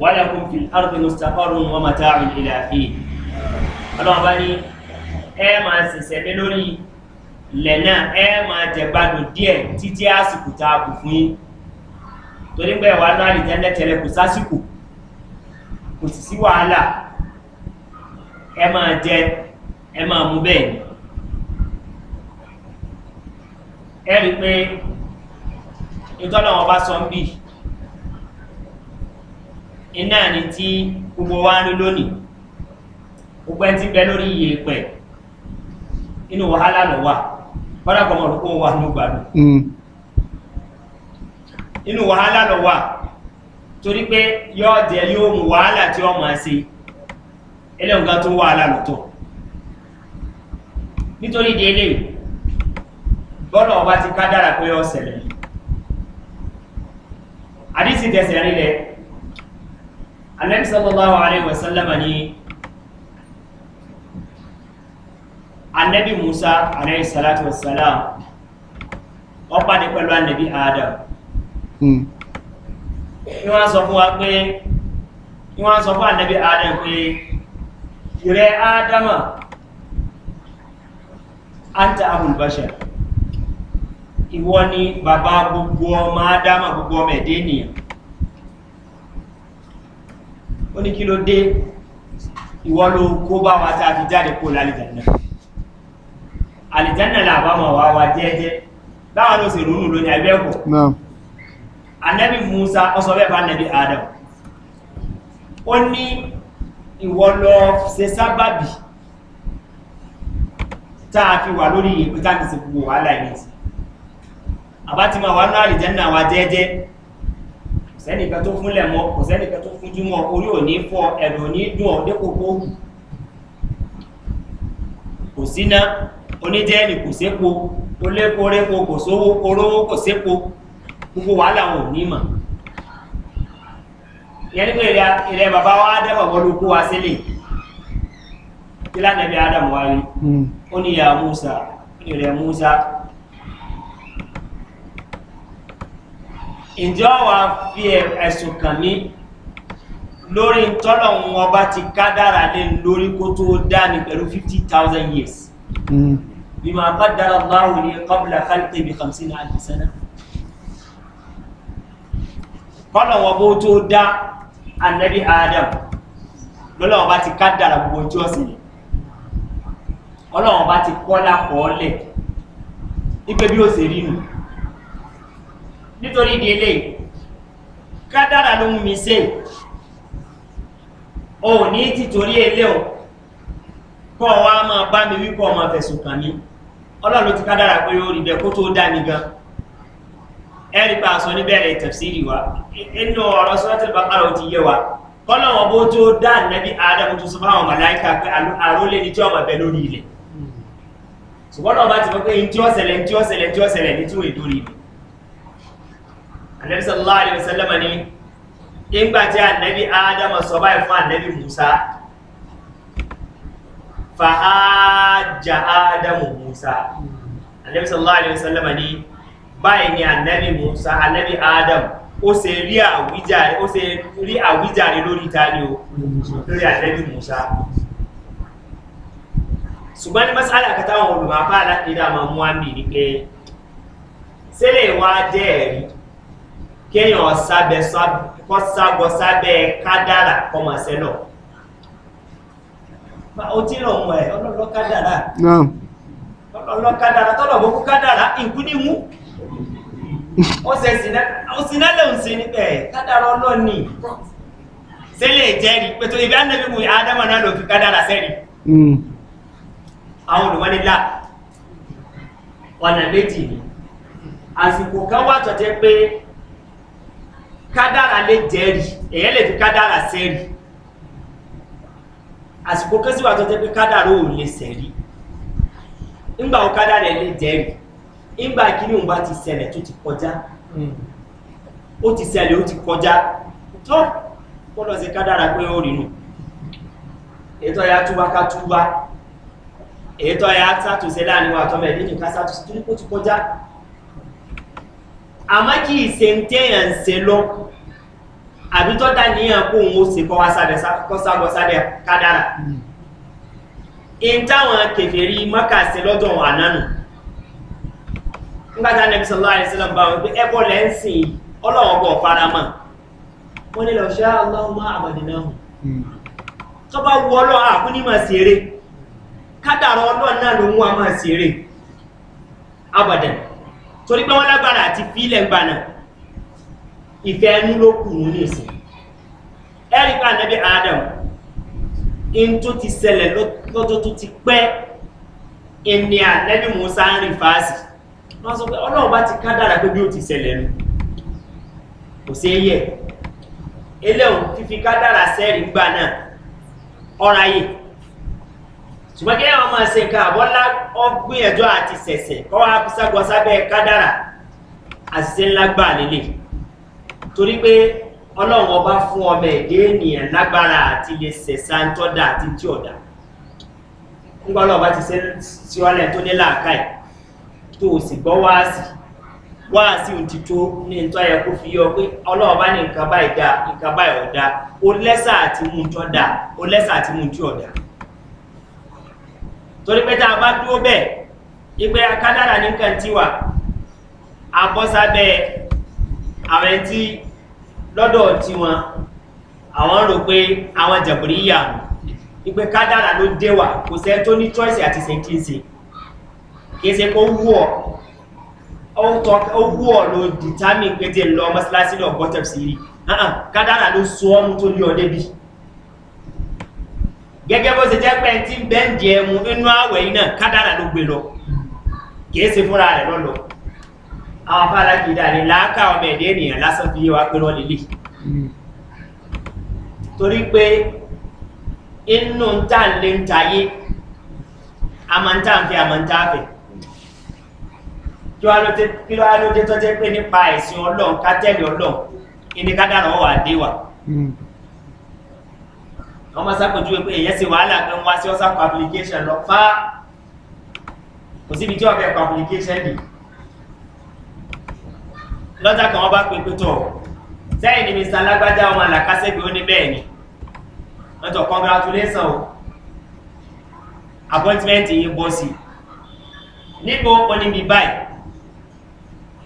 wàlẹ́kùn fi arúgbó mustapharun wọn máa táàrùn ilẹ̀ àfihàn ọlọ́ọ̀bá ní ẹ máa ṣe sẹ̀mí kò sì sí wàhálà ẹ máa jẹ ẹ máa mú bẹ́ẹ̀ ni ẹ rí i pé ìtọ́nà wọn bá sọ ń bì iná ni tí gbogbo wa ń lónìí gbogbo ẹni tí ń bẹ lórí iye pẹ̀ inú wàhálà lọ wà kọ́dà kọ́mọ̀ ló kó wà ní ìgbàlù hmm. inú wàhálà lọ wà torí pé yóò jẹ yóò mú wàhálà tí wọ́n máa ṣe ẹlẹ́nǹkan tó wàhálà lọ́tọ̀ nítorí délé bọ́lá ọba ti ká dára pé ọ̀sẹ̀lẹ̀ àdísì tẹ̀sẹ̀ rílẹ̀ anẹ́bísọ́lọ́láwà aléwọ̀sánlẹ́mà ní anẹ́bí musa aléwọ̀sánlẹ́mà ọpàdé pẹ̀lú anẹ́bí adam ni wọ́n sọ fún wa pé ni wọ́n sọ fún ànẹ́bí adam pé ìrẹ́ adama anta abulbashar ìwọ ni bàbá gbogbo ọmọ adama gbogbo ọmọ ẹ̀dẹ́ ènìyàn ó ní kí ló dé ìwọ ló kó bá wa tá a fi jáde kó lálìjánná àlìjánná làbámọ̀ wa wa jẹ́ẹ́jẹ́ báwọn ló sì rúnú lónìí ẹgbẹ́ kọ̀ anabi musa ọsọ bẹ́ẹ̀ bá anabi adam ó ní ìwọ lọ ṣe sábàbí tá a fi wà lórí ìpín tá a ti sèkú wàhálà yìí nìyí àbá ti máa wà nínú àlìjẹ́nà wa jẹ́ẹ́jẹ́ kò sẹ́nìkan tó fúnlẹ̀ mọ́ kò sẹ́nìkan tó fúnjú mọ́ orí ò ní fọ́ ẹ̀rọ ò ní dùn ọ́ dépò kó wù kò síná oníjẹ́ẹ̀nì kò sépo olékoréko kò sówó orówó gbogbo wàhálà wọn ò ní mọ̀ yẹn nípa ilẹ̀ bàbá wa dábàá wọn ló kó wa sílẹ̀ ìlànà bí adam wa rí hmm. ó ní ìyá musa ó ní ilẹ̀ musa ǹjẹ́ wàá fi ẹ̀sùn kàn mí lórí tọ́lọ̀ wọn bá ti ká dára lé lórí kó tó dá ní pẹ̀lú fifty thousand years bí màá bá dára láwùjọ kọ́bùlà kálíkì bí hamsin àti sẹ́nà kọ́nà wọn bó tó dá anabi adam lọ́lọ́wọ́n bá ti ká dára gbogbo tí ó sì ní ọlọ́wọ́n bá ti kọ́lá kọ́ọ́lẹ̀ ipe bí ó sì rí nù nítorí ìdí eléyìí ká dára ló mú mi sè o ò ní títorí eléyìí o kọ́ ọ wá máa bá mi wí kọ́ ọ máa fẹ̀sùn kàn mí ọlọ́run ti ká dára pé ó rí bẹ́ẹ̀ kó tó dá mi gan-an ẹ̀rí pa àṣọ níbẹ̀rẹ̀ tafsiri wa inú ọ̀rọ̀ sọ́tẹ̀ bàkàrà ti yé wa kọ́nà wọn bó tó dá nàbí adamu tó sọ fáwọn màláìka pé àrólé ní tí ọmọ bẹ lórí ilẹ̀ ṣùgbọ́n náà bá ti fọ́ pé ní tí ó ṣẹlẹ̀ ní tí ó ṣẹlẹ̀ ní tí ó ṣẹlẹ̀ ní tí ó ìdórí ilẹ̀ anabi sallallahu alayhi wa sallam ni nígbà tí anabi adamu sọ báyìí fún anabi musa fàájà adamu musa anabi sallallahu alayhi wa sallam ni báyìí ni ànábì musa ànábì adam ó ṣe rí àwíjàre ó ṣe rí àwíjàre lórí ìtàlẹ̀ o lórí ànábì musa ṣùgbọ́n ní masala kata àwọn olùmọ̀pá aláàdé dá máa mú àmì ní pé sílẹ̀ wá jẹ́ ẹ̀rí kéèyàn sábẹ́ kọ́ sábọ́ sábẹ́ kádàrà kọ́mọ̀ọ́sẹ́ náà ó tí lọ mọ̀ ẹ̀ ọlọ́lọ́ kádàrà ọlọ́lọ́ kádàrà tọ́lọ̀ gbogbo kádàrà ìkú ní mú ọ̀sẹ̀ sinna lẹ́hùn sí níbẹ̀ kádàrá ọlọ́ọ̀ni ṣé lè jẹ́rìí pẹ̀tọ́ ìbí ànábi mu ádámà náà ló fi kádàrá sẹ́rì. àwọn olùmọ́nilá ọ̀nà méjì ni àsìkò kan wà tọ́jẹ́ pé kádàrá lè jẹ́rìí èyẹ́ lè fi kádàrá sẹ́rì àsìkò kan sì wà tọ́jẹ́ pé kádàrá ò lè sẹ́rì ńgbà wo kádàrá lè jẹ́rìí ìgbà kíní òun bá ti ṣẹlẹ̀ tó ti kọjá ó ti ṣẹlẹ̀ ó ti kọjá tó kọ́lọ̀ sí kádàrà pé ó rìnú ètò ya túbá ká túbá ètò ya sátúnṣe láàrin wa tọ́mọ̀ ẹ̀dínjì ká sátúnṣe tó ní kó ti kọjá àmọ́ kí ìse ń téèyàn ń se lọ àbí tó dá níyàn kó òun ó se kọ́ wá sábẹ̀ kọ́ sábẹ̀ kádàrà ìtawọn kẹfẹ́rí mọ́kà se lọ́dọ̀ ànánù ngbàtà nàbí sọlá àdìsílẹ̀ bá wọn pé ẹbọ lẹ́ǹsìn ọlọ́wọ́ bọ̀ faramọ́ wọn ni lọ ṣá ọlọ́wọ́ àbàdìnà hù tó bá wọ ọlọ́ àkú ní máa ṣeré kádàrọ ọlọ́ náà ló ń wá máa ṣeré àbàdà torí pé wọn lágbára àti fílẹ̀ ń gbaná ẹnu ló kù ní ìsìn ẹ̀rí pa nàbí adam in tó ti ṣẹlẹ̀ lọ́tọ́ tó ti pẹ́ ìní ànẹ́bí musa ń rìn fáàsì wọ́n sọ pé ọlọ́run bá ti kádàrà pé bí ó ti ṣẹlẹ̀ nu kò sí yẹ eléhùn fífi kádàrà sẹ́ẹ̀rì gbà náà ọ̀rọ̀ ayé ṣùgbọ́n kí ẹ̀wọ̀n máa ṣe nǹkan àbọ́lá ọgbìyànjú àti ṣẹ̀ṣẹ̀ kọ́ wa ṣàgbọ́ sábẹ́ kádàrà àṣìṣe ńlá gbà lélẹ̀ torí pé ọlọ́run ọba fún ọmọ ẹ̀dẹ́ ènìyàn lágbára àti lè ṣẹ̀ṣà ń tọ́da àti tí ọ̀dà ńgbà ọlọ́run ọba ti ṣe sí ọlẹ́ tó ní làákàyè tó o sì gbọ́ wáàsì wáàsí ò ti tó ní ntọ́ yẹ kó fi yọ pé ọlọ́run bá ní nǹkan báyìí dá nǹkan báyìí ọ̀dá ó lẹ́sà àti mú ntọ́ dá ó lẹ́sà àti mú ntí ọ̀dá. torí pé tá a bá dúró bẹ́ẹ̀ ìpè akádàrà ní nǹkan tiwa abọ́sábẹ́ àwọn ẹni tí lọ́dọ̀ tiwọn àwọn rò pé àwọn jàbùrí yà ìpè kádàrà ló dé wa kò sẹ́ni tó ní choice àti sèǹtìǹsì kìí ṣe kó wú ọ ó wú ọ ló dìtámì pé tí lọ mọ́síláṣí lọ gbọ́tẹ̀ sí rí kádàrà ló so ọmú tó lé ọ débi gẹ́gẹ́ bó ṣe jẹ́ pé tí bẹ́ǹdì ẹmu inú àwẹ̀ yìí náà kádàrà ló gbé lọ kìí ṣe fúnra rẹ̀ lọ́lọ́ àwọn afárá kìí dà ní láàkà ọmọ ẹ̀dẹ́ ènìyàn lásán fi yé wa pé lọ́ọ́ lélẹ̀ torí pé inú ń tà ń lé ń tayé àmọ́ ń kí ló alóde tó jẹ́ pé nípa ẹ̀sìn ọlọ́run ká tẹ̀lé ọlọ́run ìní ká dára wọn wà dé wa. Hmm. wọ́n máa ṣàpèjú pé èyẹ́ ṣe wàhálà pé wọ́n á ṣe ọ̀sán application lọ fá kò síbi tí wọ́n fẹ́ application dì. lọ́jà kan wọ́n bá pè pé tọ̀ sẹ́yìn ni mr alágbájá ọmọ àlàkásẹ́gbẹ̀ ó ní bẹ́ẹ̀ ni wọ́n tọ̀ congratulation o appointment yìí bọ́ sí i níbo oníbi báyìí.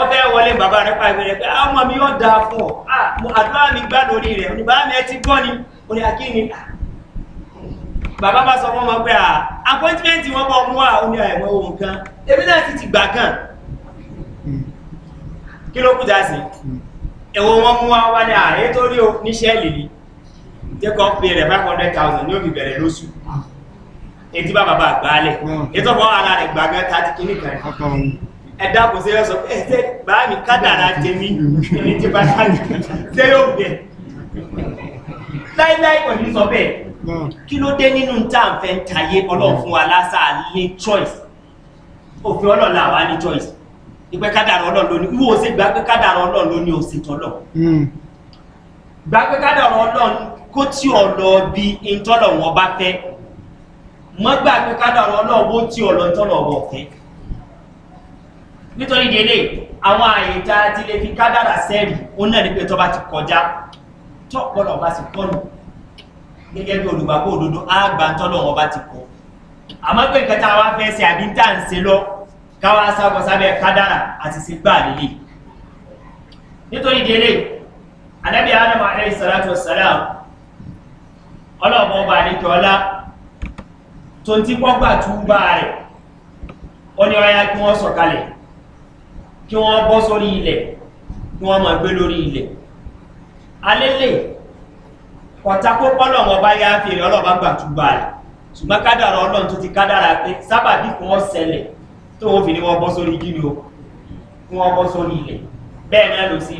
ọfẹ́ wọlé bàbá rẹ̀ pàìwé rẹ̀ pé ah, ọmọ mi yóò dáa fún ọ ah, mo àdúrà mi gbá lórí rẹ̀ ní bàbá mi ẹ ti gbọ́ ni mo ní àkí ah, ni bàbá bá sọ fún ọmọ pé àpọ́ńtímẹ́ǹtì wọn bọ̀ mú wa ó ní àìmọ́ ohun kan èmi náà ti ti gbà kan hmm. kí ló kú dá sí hmm. ẹ̀wọ̀n wọn mú wa wá ní ààyè tó rí o níṣẹ́ lèlè jẹ́kọ̀ pé rẹ̀ five hundred thousand ní òbí bẹ̀rẹ̀ lóṣù hmm. ètí bàbá bá gbálẹ̀ ètò ọ̀pọ̀ ara rẹ̀ gbàgbẹ́ thirty kìíní kan ẹ̀dá kò sí ẹ̀sọ̀ ẹ̀sẹ̀ eh, bàá mi kádàrà tèmi ẹni tí bá kájú ṣé yóò bẹ̀ láíláí kò ní sọ bẹ́ẹ̀ kí ló dé nínú tá à ń fẹ́ ń tayé ọlọ́run fún wa lásà ní choice òfin ọlọ́run àwa ní choice ìpẹ́ kádàrà ọlọ́run lóní ìwọ òsè gbà pé kádàrà ọlọ́run lóní òsè tọ́lọ̀ hmm. gbà pé kádàrà ọlọ́run kó tí ọ lọ bí ntọ́lọ̀ wọn bá fẹ́ mọ́gbà pé kádàrà ọlọ́run bó tí ọ lọ ntọ́lọ̀ wọn fẹ́ nítorí délé àwọn àyè tá a ti lè fi kádàrà sẹ́ẹ̀rì òun náà ní pé tọ́ba ti kọjá tọ́pọ̀lọ̀ ọba sì kọ́nù gẹ́gẹ́ bí olùgbàgbọ́ òdodo àgbà tọ́lọ̀ ọba ti kọ́ àmọ́ pé nǹkan tá a wá fẹ́ ṣe àbí tá à ń ṣe lọ káwá sábọ̀ sábẹ́ kádàrà àti ṣe gbà lélẹ̀ nítorí délé anábì adam alayhi salatu wasalam ọlọ́ọ̀bọ̀ ọba àlejò ọlá tó pọ́gbà túbà rẹ̀ ó ní ọyá kí wọ́n sọ̀kalẹ̀ kí wọ́n bọ́ sórí ilẹ̀ kí wọ́n máa gbé lórí ilẹ̀ alélè kọ̀tàkó pọ́lọ̀ wọn bá yá fèrè ọlọ́ba gbàtúgbà rẹ̀ ṣùgbọ́n kádàrà ọlọ́run tó ti kádàrà pé sábàbí kí wọ́n sẹlẹ̀ tó wọ́n fi ní wọ́n bọ́ sórí gíní o kí wọ́n bọ́ sórí ilẹ̀ bẹ́ẹ̀ náà ló sì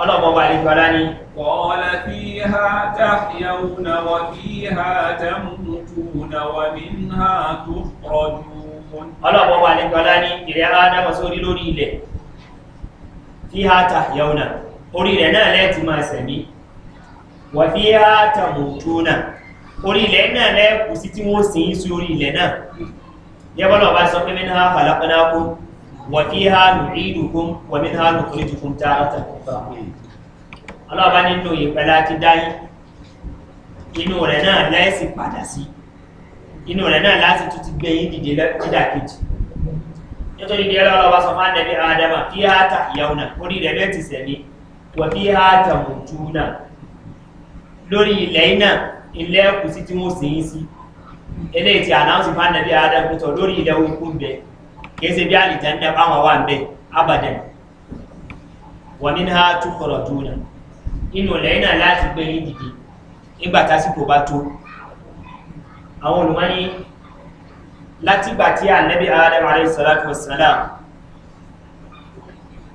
ọlọ́mọ wa lè fara ní. kọ́lá fi ha táyàwó na wà fi ha tẹ́mùtù na wà ní ha tó rọ̀jú. ọlọ́mọ wa lè fara ní ìrẹ́ fíhá tàyẹ̀wònà orí rẹ̀ náà lẹ́ẹ̀tì máa sẹ̀mí wà fíhá tàmùtúnà orí ilẹ̀ náà lẹ́ẹ̀kù sí tí wọ́n sì ń sí orí ilẹ̀ náà yẹ́bọ́lọ̀ bá sọ pé mí náà hàlápánákú wà fíhá nùídùkún wà mí náà nùkúrìtùkún tààtà ọlọ́ọ̀bá nínú ìpẹ́lá ti dáyé inú rẹ̀ náà lẹ́ẹ̀sì padà sí inú rẹ̀ náà láti tún ti gbẹ̀yìn dìde dídà kejì nítorí bí ẹlọ́run ọba sọ máa nẹ̀bí adama fi á ta ìyàwó náà orí rẹ̀ lẹ́tì sẹ̀mí wà fi á ta mọ̀jú náà lórí ilẹ̀ iná ilẹ̀ ẹ̀kù sí tí wọ́n sì ń sí eléyìí ti àdáhùn máa nẹ̀bí adama tó lórí ilẹ̀ òkú bẹ kìí ṣe bí àlìjá ní àbáwọn wà ń bẹ abadan wà ní ha tún kọ̀rọ̀ tó náà inú ilẹ̀ iná láti gbé yín dìde nígbà tásìkò bá tó àwọn olùmọ́ látìgbà tí ànẹ́bí adam aleyhisalatu wasalam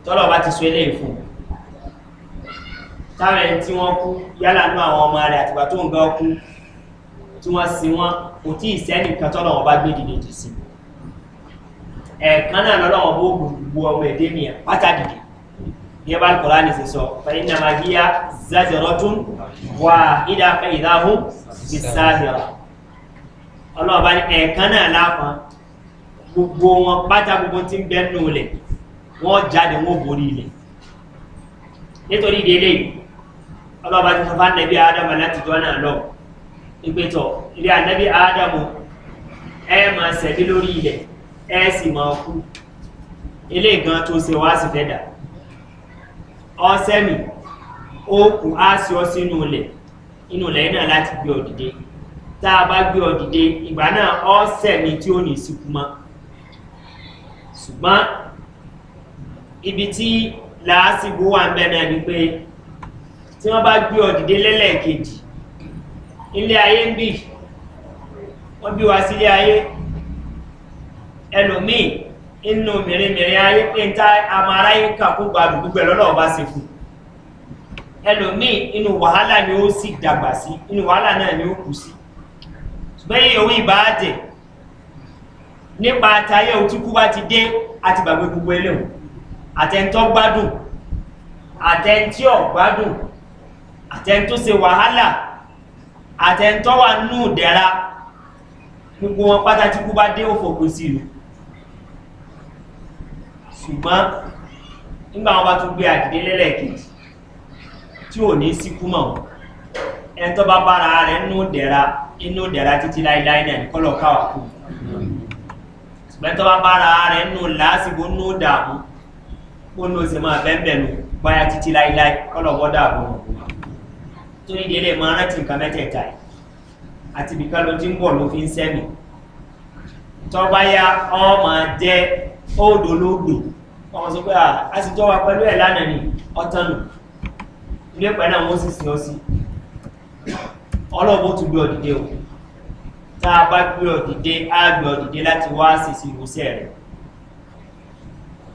tọ́lọ̀ bá ti so eléyìí fún táwọn ẹni tí wọ́n kú yálà nú àwọn ọmọ rẹ̀ àtìgbà tó ń gbọ́ kú tí wọ́n sin wọn kò tí ì sẹ́ni kan tọ́lọ̀ wọn bá gbé dìde jù sí ẹ̀ẹ̀kan náà lọ́lọ́ ọlọ́run bá ní ẹ̀ẹ̀kan náà láfọn gbogbo wọn pátá gbogbo tí ń bẹ́ẹ̀ nù wọ́n jáde wọ́n borí ilẹ̀ nítorí ìdílé ti adamu láti jọ náà lọ ìgbẹ́tọ̀ ilé adamu ẹ máa sẹ̀dí lórí ilẹ̀ ẹ sì máa kú ilé gan tó ṣe wá sí fẹ́ ọsẹ́mi ó kù á sí tá a bá gbé ọ dìde ìgbà náà ọ sẹ̀mí tí ó ní síkú mọ́ ṣùgbọ́n ibi tí làásìgbò wà ń bẹ náà ni pé tí wọ́n bá gbé ọ dìde lẹ́lẹ́kejì ilé ayé ń bì wọ́n bí wa sílé ayé ẹlòmíì inú mìíràn ayé pé ń ta àmọ́ gbàdùn gbogbo ẹ̀ lọ́nà ṣe fún ẹlòmíì inú wàhálà ni ó sì dàgbà sí inú wàhálà náà ni ó kù sí ṣùgbọ́n èyí òun ìbáàdẹ̀ nípa àtàyẹ̀ òtíkú bá ti dé àti gbàgbé gbogbo eléhùn àtẹ̀ntọ́ gbádùn àtẹ̀ntí ọ̀gbádùn àtẹ̀ntó se wàhálà àtẹ̀ntọ́ wà nù dẹ̀ra gbogbo wọn pátá tí kú bá dé òfòkò sí i ṣùgbọ́n nígbà wọn bá tún gbé àdìdé lẹ́lẹ́kejì tí ò ní síkú mọ̀ ẹ̀ntọ́ bá bára rẹ̀ nù dẹ̀ra inú dẹ̀ra títí láíláí náà kọ́lọ̀ káwà kú ṣùgbọ́n tó bá bára rẹ̀ nù lásìkò nù dààmú ó nù sí máa bẹ́ẹ̀bẹ̀ nù báyà títí láíláí kọ́lọ̀ bọ́ dààmú tó ní délé máa rántí nǹkan mẹ́tẹ̀ẹ̀ta yìí àti ibi kan ló ti ń bọ̀ ló fi ń sẹ́mi tó bá yá ọ́ máa jẹ́ óòdò lóògbé ọmọ sọ pé a sì tọ́ wa pẹ̀lú ẹ̀ lánàá ni ọ̀tán ilé pẹ̀lú àwọn ó sì sin ọ ọlọ́gbọ́ tún gbé ọdìdé o tá a bá gbé ọdìdé á gbé ọdìdé láti wá sísí ìwòsẹ̀ rẹ̀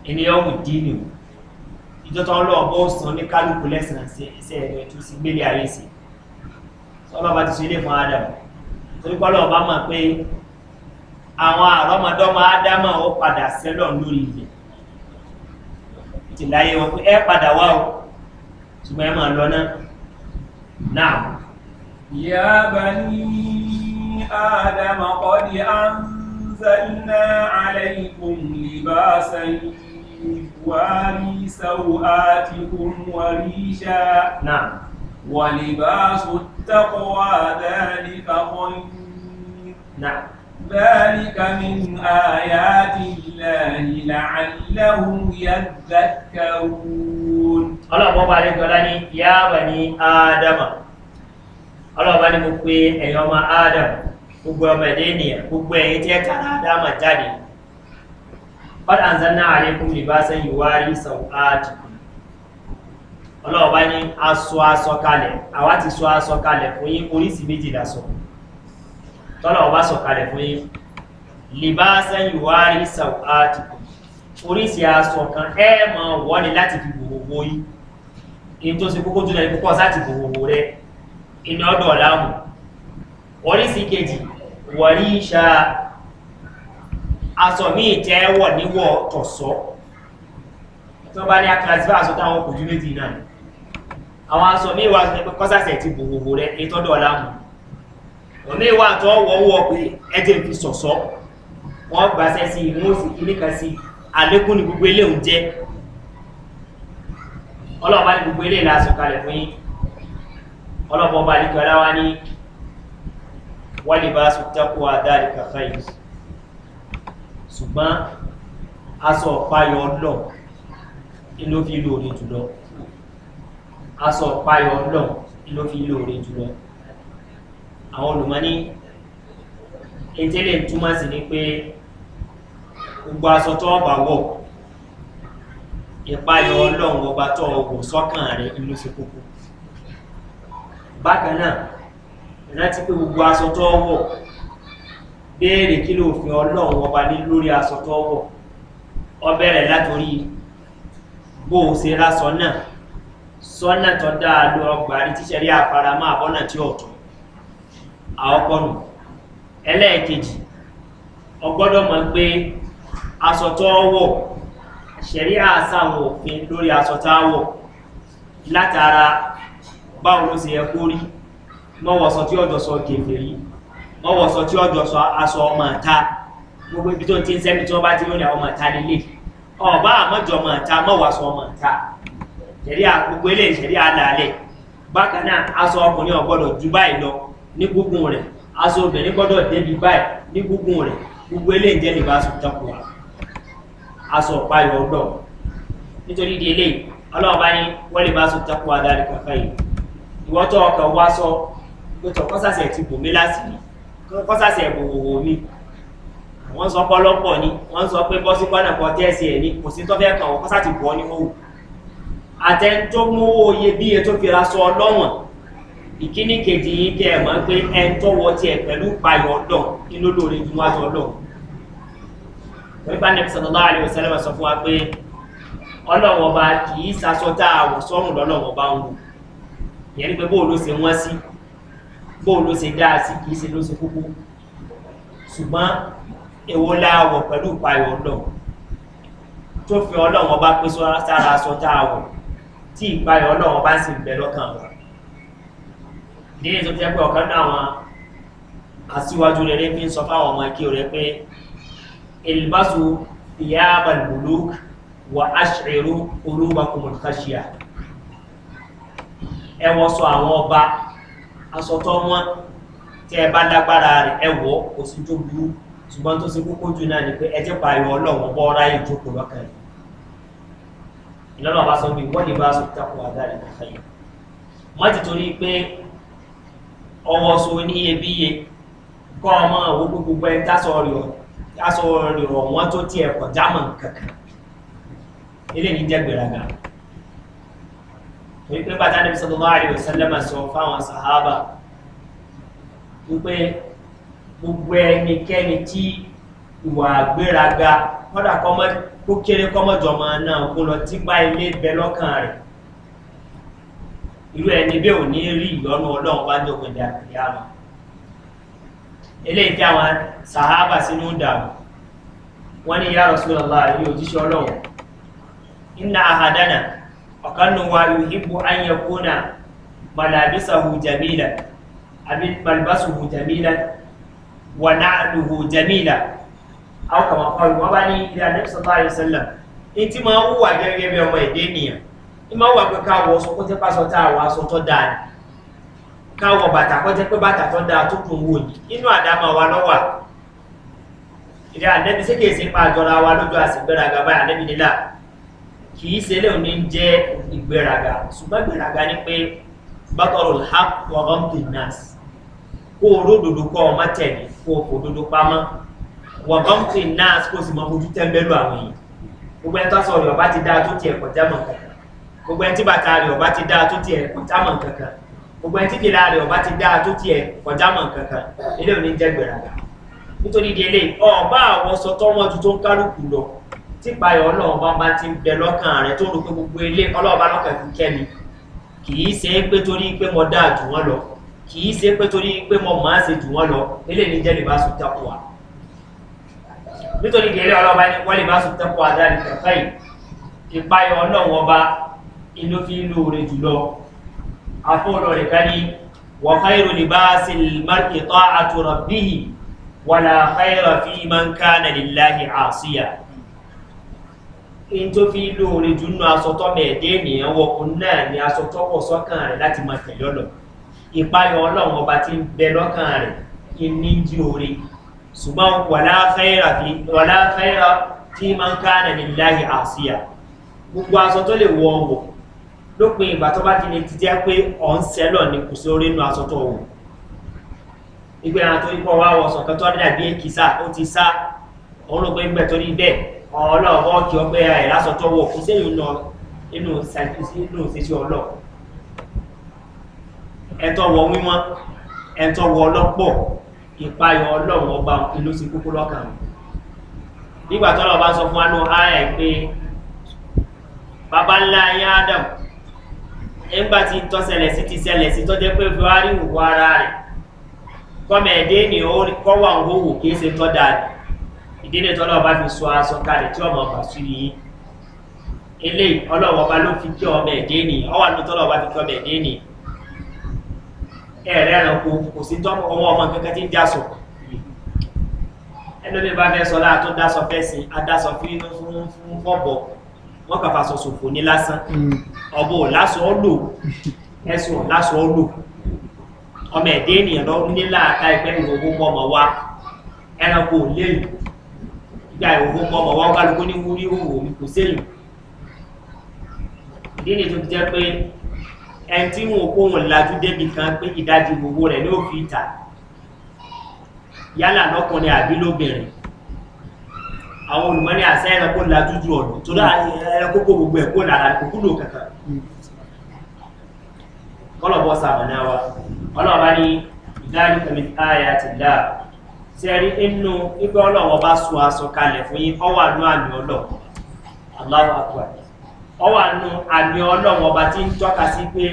ènìyàn mú dínì o ìjọta ọlọ́ọ̀bọ́ sàn ní kálukú lẹ́sàn ṣe ẹ̀rọ tó sì gbélé ayé sí ọlọ́ọ̀bá ti ṣe ilé fún adam torí pé ọlọ́ọ̀bá mọ̀ pé àwọn àrọ́mọdọ́mọ ádámọ̀ ó padà sẹ́lọ̀ lórí ilẹ̀ ìtìláyé wọn pé ẹ padà wá o ṣùgbọ́n ẹ máa lọ náà náà. يا بني آدم قد أنزلنا عليكم لباسا يواري سوآتكم وريشا نعم ولباس التقوى ذلك خير نعم ذلك من آيات الله لعلهم يذكرون الله أكبر يا بني آدم ọlọ́ọ̀bá ni mo pe ẹ̀yin ọmọ adam gbogbo ọmọ ẹ̀dẹ́ ènìyàn gbogbo ẹ̀yin tí ẹ kára ádámà jáde ọ̀dà àǹzánná àríkún libáṣẹ́ ìwárí sàn áàdì ọlọ́ọ̀bá ni aṣọ aṣọ kalẹ̀ àwa ti sọ aṣọ kalẹ̀ fún yín oríṣi méjì lásọ tọ́lọ́ọ̀bá sọ kalẹ̀ fún yín libáṣẹ́ ìwárí sàn áàdì oríṣi aṣọ kan ẹ mọ̀ wọ́ni láti fi gbogbo yín kí tó ṣe kókó jùlọ ní kókó ọ̀sá ti gbogbo rẹ̀ ìní ọdọ̀ láàmù oríṣi kejì wọ̀rí ìṣà aṣọ míì tẹ́ wọ̀ níwọ̀ tọ̀sọ́ tí wọ́n bá ní akílásífà aṣọ táwọn kò jú méjì náà àwọn aṣọ míì wà pé kọ́sàṣẹ̀ ti bòwòwò rẹ èyí tọ́dọ̀ láàmù òmíì wà tó wọ́wọ́ pé ẹ̀jẹ̀ fi sọ̀sọ́ wọ́n gbàṣẹ́ sí ìmú òsì kíníkan sí àlékún ní gbogbo eléhùn jẹ́ ọlọ́ọ̀bá ní gbogbo eléhùn lásìkò kalẹ̀ fún yín ọlọ́pọ̀ ọba àdìkọ̀ aláwa ní wàlìbá sùtẹ́kù àdáàrí kàfẹ́ yìí ṣùgbọ́n aṣọ ọ̀páyọ lọ ló fi lóore jùlọ aṣọ ọ̀páyọ lọ ló fi lóore jùlọ àwọn olùmọ́ní ètẹ́lẹ̀ túmọ̀ sí ni pé gbogbo aṣọ tó ọba wọ̀ ìpáyọ ọlọ́run ọba tó ọwọ̀ sọ́kàn rẹ̀ ló ṣe kókó bákan náà rántí pé gbogbo aṣọ tó wọ̀ béèrè kí ló fi ọlọ́run ọba ní lórí aṣọ tó wọ̀ ọ bẹ̀rẹ̀ látòrí bó o ṣe lásọ náà sọ́nà tó dáa ló ọgbà rí tíṣẹ̀rí àfaramọ́ àbọ́nà tí ó tọ́ àọ́pọ̀nù ẹlẹ́ẹ̀kejì ọgbọ́dọ̀ mọ̀ pé aṣọ tó wọ̀ ṣẹ̀rí àṣàwọ̀ òfin lórí aṣọ tá látara báwo ló ṣe yẹ kó rí mọ́wọ́sọ tí ọjọ́ sọ kèfè yìí mọ́wọ́sọ tí ọjọ́ sọ aṣọ ọmọ ta gbogbo ibi tó ti ń sẹ́mi tí wọ́n bá ti lónìí àwọn ọmọ ta nílé ọba àmọ́jọ ọmọ ta mọ́wọ́sọ ọmọ ta ṣẹ̀rí àgbogbo eléyìí ṣẹ̀rí àlàálẹ̀ bákan náà aṣọ ọkùnrin ọ̀gbọ́dọ̀ ju báyìí lọ ní gúngun rẹ̀ aṣọ obìnrin gbọ́dọ̀ débi báyìí ní gúngun rẹ̀ gbogbo eléyìí jẹ́ nípa aṣọ ìtọ́kùn wa aṣọ ọ̀pá ìwọ́dọ̀ nítorí di eléyìí ọlọ́ọ̀bá ní wọ́n lè bá aṣọ wa dárí kankan yìí ìwọ́tọ̀ ọkàn wá sọ pẹ̀tọ̀ kọ́sàsẹ̀ ti bò mí láti ní kọ́sàsẹ̀ bòwòwò mi wọ́n sọ pọ́lọ́pọ̀ ni wọ́n sọ pé bọ́sí pọ́nà kan tẹ́ẹ̀sì ẹ̀ ní kò sí tọ́fẹ́ kan wọ́n kọ́sàtì bọ́ ní mọ́wò àtẹ tó mú oyè bí ètò fira sọ ọlọ́wọ̀n ìkíní kejì yìí kẹ ẹ̀ mọ́ pé ẹ ń tọ́wọ́ tiẹ̀ pẹ̀lú payọ̀ ọ̀dọ̀ inú lóore ju wájú ọlọ́wọ̀n wípé anabi sallallahu alayhi wa sallam sọ fún wa pé ọlọ́wọ̀n ọba kì í sasọ tá a wọ̀ sọ́run lọ́lọ́wọ̀n ọba ń wò ìyẹn ni pé bóòlù ṣe wọ́n sí bóòlù ṣe dáa sí kìí ṣe ló ṣe kúkú ṣùgbọ́n èwo láàwọ̀ pẹ̀lú ìpayọ̀ ọlọ́run tó fi ọlọ́run ọba pé sára aṣọ tá a wọ̀ tí ìpayọ̀ ọlọ́run ọba sì ń lọ́kàn wọn nílé tó jẹ́ pé ọ̀kan náà wọn aṣíwájú rẹ̀ fi ń sọ fáwọn ọmọ ẹkẹ́ rẹ̀ pé ìlbáṣu ìyá àbàlùmùlùk wà á ṣèrú olúwa kùmùlùkàṣíà ẹ sọ àwọn ọba asọ̀tọ̀ wọn tẹ́ ẹ bá lágbára rẹ̀ ẹ wọ́ kò sí tó burú ṣùgbọ́n tó ṣe kókó jù náà ni pé ẹ jẹ́ pariwo ọlọ́wọ́n bọ́ ráyè jókòó lọ́kàn sọ lè bá tako yìí ti torí pé ní ọmọ gbogbo ẹ tásọ tó kọjá nígbà tí anabi sallallahu alayhi wa sallam sọ fáwọn sahaba wípé gbogbo ẹnikẹ́ni tí ìwà àgbéraga kọ́dà kó kéré kọ́mọ́jọmọ náà kó lọ tí bá ilé bẹ lọ́kàn rẹ̀ irú ẹni bẹ́ẹ̀ ò ní rí ọlọ́run bá eléyìí tí àwọn sínú dàrú wọ́n ní yàrá fakannuwa yuhibbu an yakuna malabisahu jamilan abin malbasuhu jamilan wa na'luhu jamila aw kama qalu wa bani ila nabi sallallahu alaihi wasallam iti ma wuwa gẹ́gẹ́ bí ọmọ èdè nìyàn ìmọ̀ wà pé káwọ̀ sọ kó tẹ́ pásọ tá àwọn aṣọ tó dáa ni káwọ̀ bàtà kó tẹ́ pé bàtà tó dáa tó kùn wò ní inú àdámà wa lọ́wà ìdí ànẹ́bí sékèèsí pa àjọra wa lójú àsìgbéraga báyìí ànẹ́bí nílà kì í ṣe léwu ní jẹ́ ìgbéraga ṣùgbọ́n ìgbéraga ni pé bátọ̀rọ̀ hapọ̀rọ̀mtì nas kó o ródòdó kọ́ ọmọ tẹ̀lé kó o kò dodo pamọ́ wọ̀rọ̀mtì nas kó o sì mọ fojú tẹ́ńbẹ́lú àwọn èèyàn gbogbo ẹni tó sọ ọ̀rọ̀ ọba ti dáa tó tiẹ̀ kọjá mọ̀ kankan gbogbo ẹni tí bàtà rẹ̀ ọba ti dáa tó tiẹ̀ kọjá mọ̀ kankan gbogbo ẹni tí kìlá rẹ̀ ọba ti dáa tó tiẹ̀ kọjá mọ̀ kankan eléyìí ò ní jẹ́ gbéraga nítorí ìdí ọba àwọn sọ tọ́wọ́n tuntun kálukú lọ tí payọ̀ ọlọ́run bá bá ti ń bẹ lọ́kàn rẹ̀ tó rò pé gbogbo ilé ọlọ́run bá lọ́kàn fi kẹ́mi kì í ṣe é pé torí pé mo dáa jù wọ́n lọ kì í ṣe é pé torí pé mo máa ṣe jù wọ́n lọ eléyìí jẹ́ lèbá sùn tẹ́kù wa nítorí ìdílé ọlọ́ba ní wọ́n lèbá sùn tẹ́kù wa dáa nìkan fẹ́ yìí ìpayọ̀ ọlọ́run ọba inú fi ń lóore jùlọ afọ́lọ́ rẹ̀ ká ní wọ́n fáìrò ní bá sí àtúrọ̀ bíi wàlà in tó fi lóore jù nù aṣọ tọ́mọ ẹ̀dẹ́ ènìyàn wọ òun náà ni aṣọ tọ́wọ̀ sọ́kàn rẹ̀ láti mọ tẹ̀lé ọ̀lọ̀ ìpayọ̀ ọlọ́run ọba ti ń bẹ lọ́kàn rẹ̀ kí ní jí oore ṣùgbọ́n wọ̀lá fẹ́ra tí máa ń ká nàní láyé àṣìyà gbogbo aṣọ lè wọ ọwọ̀ lópin ìgbà tó bá ti ní ti pé ọ̀ ń sẹ́lọ̀ ni kò sí orí nù aṣọ tó wọ̀ ìgbéyàwó tó ń pọ̀ wá wọ̀ sọ̀kan tó dàbí èkìsà ó ti sá òun ló gbé ń gbẹ̀ tó ní bẹ́ẹ̀ ọlọ́run ọkì ọgbẹ́ ẹ̀ lásọ tó wọ̀ kó sẹ́yìn lọ inú inú ṣíṣe ọlọ́ ẹ̀tọ́ wọ mímọ́ ẹ̀tọ́ wọ ọlọ́pọ̀ ìpayọ̀ ọlọ́run ọba ìlú sí kúkú lọ́kàn nígbà tó lọ́ọ́ bá sọ fún anú ara ẹ̀ pé bàbá ńlá ayé adam nígbà tí tọ́ sẹlẹ̀ sí ti sẹlẹ̀ sí tọ́jẹ́ pé buhari wù wọ ara rẹ̀ kọ́mẹ̀ẹ́dẹ́ ni ó kọ́wà ń hòwò kí é ṣe tọ́ dáadáa ìdílé tó ọlọ́wọ́ bá fi sọ aṣọ kalẹ̀ tí ọmọ ọba sí yìí eléyìí ọlọ́wọ́ bá ló fi kí ọmọ ẹ̀dẹ́ nì ọwọ́ àlọ́ tó ọlọ́wọ́ bá fi kí ọmọ ẹ̀dẹ́ nì ẹ̀rẹ́ ẹ̀rànkó kò sí tọ́ ọmọ ọmọ kankan tí ń jásọ ẹlòmíì bá fẹ́ sọ láàtó dásọ fẹ́sìn adásọ fún fún fọ́bọ̀ wọ́n kàfà sọ sòfò ní lásán ọ̀bọ̀ lásọ ọ́ lò ẹ̀sùn lásọ ọ́ lò ọmọ ẹ̀dẹ́ ènìyàn lọ nílà àká ìpẹ́ ìrògbò ọmọ wa ẹranko lẹ́yìn gba ìhòhò mọ ọmọ wọn kálukú ní wúrí hòhò mi kò séyìn ìdí ni tó ti jẹ pé ẹni tí wọn kó wọn lajú débi kan pé ìdajì gbogbo rẹ ní òfin ìta yálà lọkùnrin àbí lóbìnrin àwọn olùmọ́ni àṣẹ ẹranko lajú ju ọ̀dọ̀ tó dá ẹranko kó gbogbo ẹ̀kọ́ lára kúkúlò kankan kọlọ̀bọ̀ sàmìnà wa ọlọ́ọ̀bá ní ìdáríkàmí ayà ti dáa tí ịnụ rí inú igbó ọlọ́wọ́ bá sọ aṣọ kalẹ̀ fún yín ọwọ́ àánú àmì ọlọ́wọ́ aláwọ̀ àgbà àmì ọlọ́wọ́ ọba tí ń tọ́ka sí pé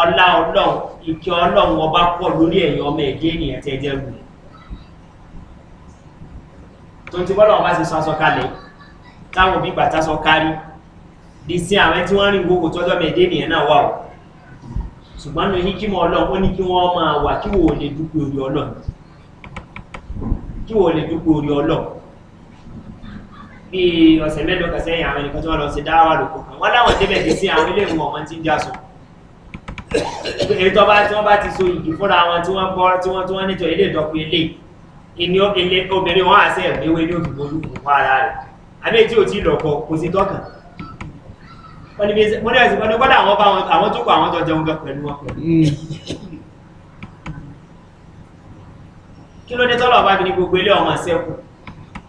ọlá ọlọ́wọ́ ìkẹ́ ọlọ́wọ́ ọba pọ̀ lórí ẹ̀yìn ọmọ ẹ̀gẹ́ ènìyàn tẹ́ jẹ́ wù tó ọba sọ aṣọ kalẹ̀ táwọn sọ kárí di sí àwọn tí wọ́n gbogbo tọ́jọ́ ènìyàn náà wà ó ṣùgbọ́n ó ní kí wọ́n máa wà kí wò kí wọ́n lè dúpọ̀ orí ọlọ́ bí ọ̀sẹ̀ mẹ́lọ kẹsẹ̀ yẹn àwọn ẹnìkan tí wọ́n lọ sí dáwà lóko kan wọ́n láwọn débẹ̀ dé sí àwọn ilé ìwọ̀n ọmọ tí ń jásọ èyí tó bá tí wọ́n bá ti so ìdí fúnra wọn tí wọ́n bọ́ tí wọ́n tí wọ́n nítorí ilé ìdọ́kun ilé ìní obìnrin wọn àṣẹ ìgbéwé ní òkè gbogbo fún ara rẹ̀ àbí tí ò tí lọ́kọ kò sí tọ́kàn wọ́n ní bí wọ́n ní gbọ́dọ̀ àwọn bá àwọn tó kọ àwọn tó jẹun gan pẹ̀lú wọn pẹ̀lú hmm. kí ló dé tọ́lọ̀ ọba bí ní gbogbo ilé ọmọ ìṣẹ́kù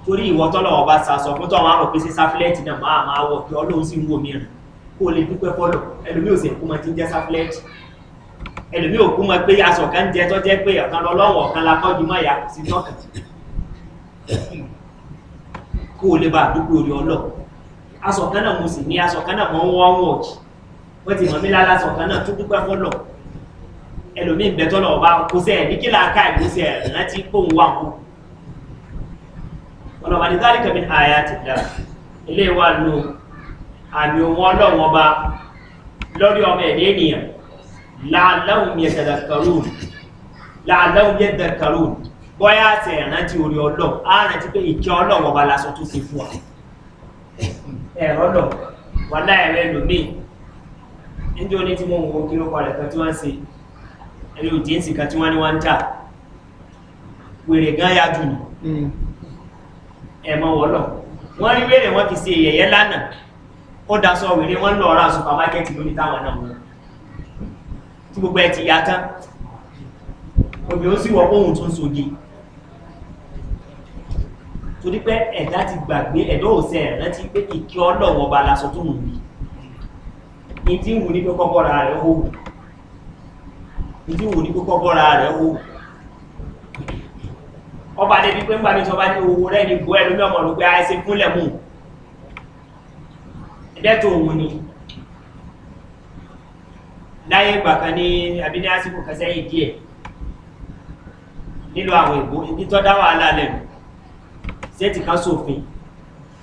torí ìwọ tọ́lọ̀ ọba sàṣọ fún tọ́ àwọn àrò pèsè sáfílẹ́ẹ̀tì náà máa máa wọ̀ kí ọlọ́run sì ń wò mí rìn kó o lè dúpẹ́ fọ́lọ̀ ẹlòmí ò sì kú máa ti ń jẹ́ sáfílẹ́ẹ̀tì ẹlòmí ò kú máa pé aṣọ kan jẹ tó jẹ́ pé ọ̀kan lọ́wọ́ ọ̀kan la kọ́ jùmọ̀ ìyá kò sí tọ́kà kó o lè bá àdúgbò rí ọlọ́ aṣọ kan náà mo sì ní aṣọ kan náà mọ́ wọ́n wọ̀ ẹlòmíì bẹ̀tọ́ lọ bá kó sẹ́ẹ̀ ní kí láàká ìgbésẹ̀ rántí kó wà ń ọ̀nà wà ní dálíkà mi àyà ti dà ilé wa nù àmì ohun ọlọ́run ọba lórí ọmọ ẹ̀dẹ́ ènìyàn láàláhùn mi ẹ̀dà kàrún láàláhùn mi ẹ̀dà kàrún bọ́yá tẹ̀ rántí orí ọlọ́run á rántí pé ìkẹ́ ọlọ́run ọba lásán tó ti fún ọ ẹ̀rọ lọ wà láẹ̀rẹ́ lòmíì nítorí tí mo wò ó kí ló parẹ̀ kan tí wọ́n ń se ẹni ò tí ń sìnkan tí wọ́n ní wọ́n ń tà wèrè gan ya dùn ní hmm. ẹ̀mọ wọ́lọ̀ wọ́n rí wèrè wọ́n fi se yẹ̀yẹ́ lánàá ó daṣọ wèrè wọ́n lọ ra supermarket lórí táwọn náà wọ́n tí gbogbo ẹ̀ ti ya tán òbí ó sì wọ́ ohun tó ń soge torí pé ẹ̀dá ti gbàgbé ẹ̀dọ́ òsẹ̀ rántí pé kìkì ọlọ́wọ́ ba lasọ tó wù mí ìdí wù ní pé kọ́kọ́ ra rẹ̀ ó ìdí wò ní kókó bọ́ra rẹ̀ wò ọba débi pé ńgbà mi sọ bá ní owó rẹ̀ ní bu ẹlòmí ọmọ rò pé àìsè gúnlẹ̀ mú ẹ̀dẹ́tò òun ni láyé ìgbà kan ní àbí ní àsìkò kan sẹ́yìn díẹ̀ nílò àwọn ìbò ibi tó dá wàhálà lẹ́nu sẹ́ẹ̀tì kan sófin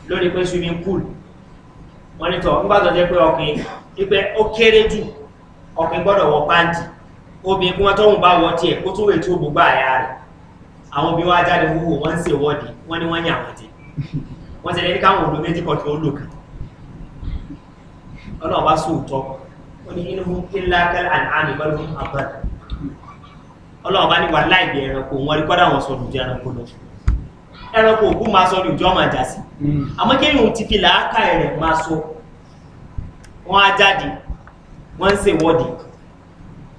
lórí pé swimming pool wọ́n ní tọ́ ńgbà tó jẹ́ pé ọkùnrin wípé ó kéré jù ọkùnrin gbọ́dọ̀ wọ páǹtì obìnrin kí wọ́n tọ́hún bá wọ tiẹ̀ kó tún ètò gbogbo àyà rẹ̀ àwọn obìnrin wa jáde wúwo wọ́n ń ṣèwọ́de wọ́n ní wọ́n yàn wọ́n ti wọ́n ti lẹ́ni káwọn odò méjì kan tó lò kàn ọlọ́run bá sóòótọ́ ó ní inú ńlá kẹ́lẹ́ àná àmì bọ́lú àbádà ọlọ́run bá ní wà láì bí ẹranko wọn rí kọ́dà wọn sọ̀rọ̀ ju ẹranko lọ ẹranko òkú máa sọ lùjọ́ máa jà sí àmọ́ kí èèyàn ti fi làákà rẹ̀ máa sọ wọ́n á jáde wọ́n ń ṣèwọ́de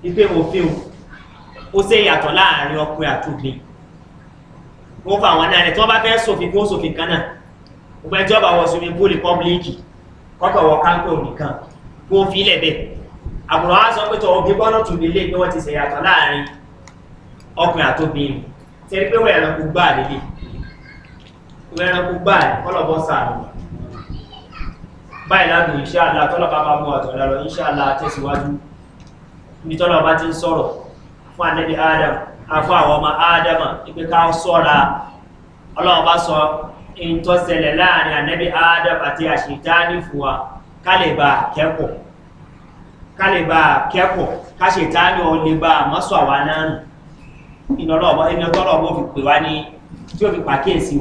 ipe òfin o ó ṣe ìyàtọ̀ láàrin ọkùnrin àti obìnrin wọ́n fa àwọn náà rẹ̀ tí wọ́n bá fẹ́ sòfin kí wọ́n sòfin kan náà mo fẹ́ jọba wọ swimming pool pọ́blíkì kọ́kọ̀ wọ káńpẹ́ òní kan kó fi ilẹ̀ bẹ́ẹ̀ àbùrọ̀ wá sọ pé tọ̀wọ́ gbígbọ́ náà tún lélẹ̀ pé wọ́n ti ṣe ìyàtọ̀ láàrin ọkùnrin àti obìnrin tẹ́rí pé wọ́n ẹranko gbáà lélẹ̀ wọ́n ẹranko gbáà kọ́lọ̀bọ́ sàrùn báyìí ládùn ìṣáàlá tọ́lọ̀ bá bá mú àtọ̀lá lọ ìṣáàlá tẹ̀síwájú ibi tọ́lọ̀ bá ti ń sọ̀rọ̀ fún ànẹ́bí adam afọ́ àwọn ọmọ adama ipé ká sọ́ra ọlọ́run bá sọ in tó sẹlẹ̀ láàrin ànẹ́bí adam àti àṣetáni fún wa ká lè bá kẹ́kọ̀ọ́ ká lè bá kẹ́kọ̀ọ́ ká ṣetáni ò lè bá mọ́sọ̀ wa náà nù iná tọ́lọ̀ bó fi pè wá ní tí ó fi pàkíyèsí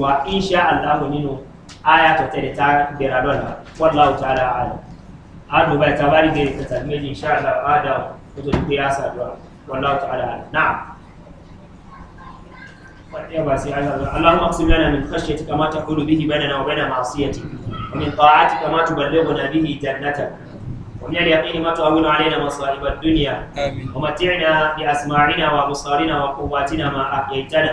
ó tó di pé á sàdúrà wọn láwùjọ àdá náà اللهم اقسم لنا من خشيتك ما تحول به بيننا وبين معصيتك ومن طاعتك ما تبلغنا به جنتك ومن اليقين ما تهون علينا مصائب الدنيا آمين. ومتعنا بأسماعنا وأبصارنا وقواتنا ما أحييتنا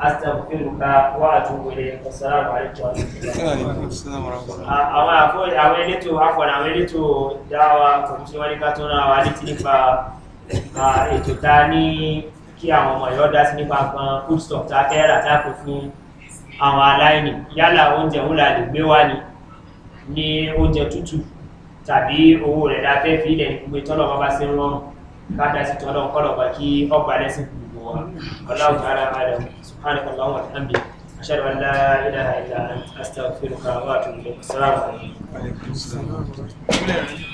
astaghfiruka wa atubu ilayk assalamu alaykum wa rahmatullahi wa barakatuh àwọn afọ àwọn elétò afọ̀nà àwọn elétò dáwà kòmíṣẹ́ wọ́n ní ká tó náà wà létí nípa ètò ta ní kí àwọn ọmọ ẹ̀yọ́ dá sí nípa gan foodstuff ta kẹ́rà ta kò fún àwọn aláìní yálà oúnjẹ ńlá lè gbé wá ni ní oúnjẹ tútù tàbí owó rẹ̀ la fẹ́ fi ilẹ̀ ní gbogbo ìtọ́lọ̀ bá bá sí rọrùn ká dá sí tọ́lọ̀ kọ́lọ̀ bá kí ọgbà lẹ́sìn kù والله تعالى أعلم سبحانك اللهم وبحمدك أشهد أن لا إله إلا أنت أستغفرك وأتوب إليك السلام عليكم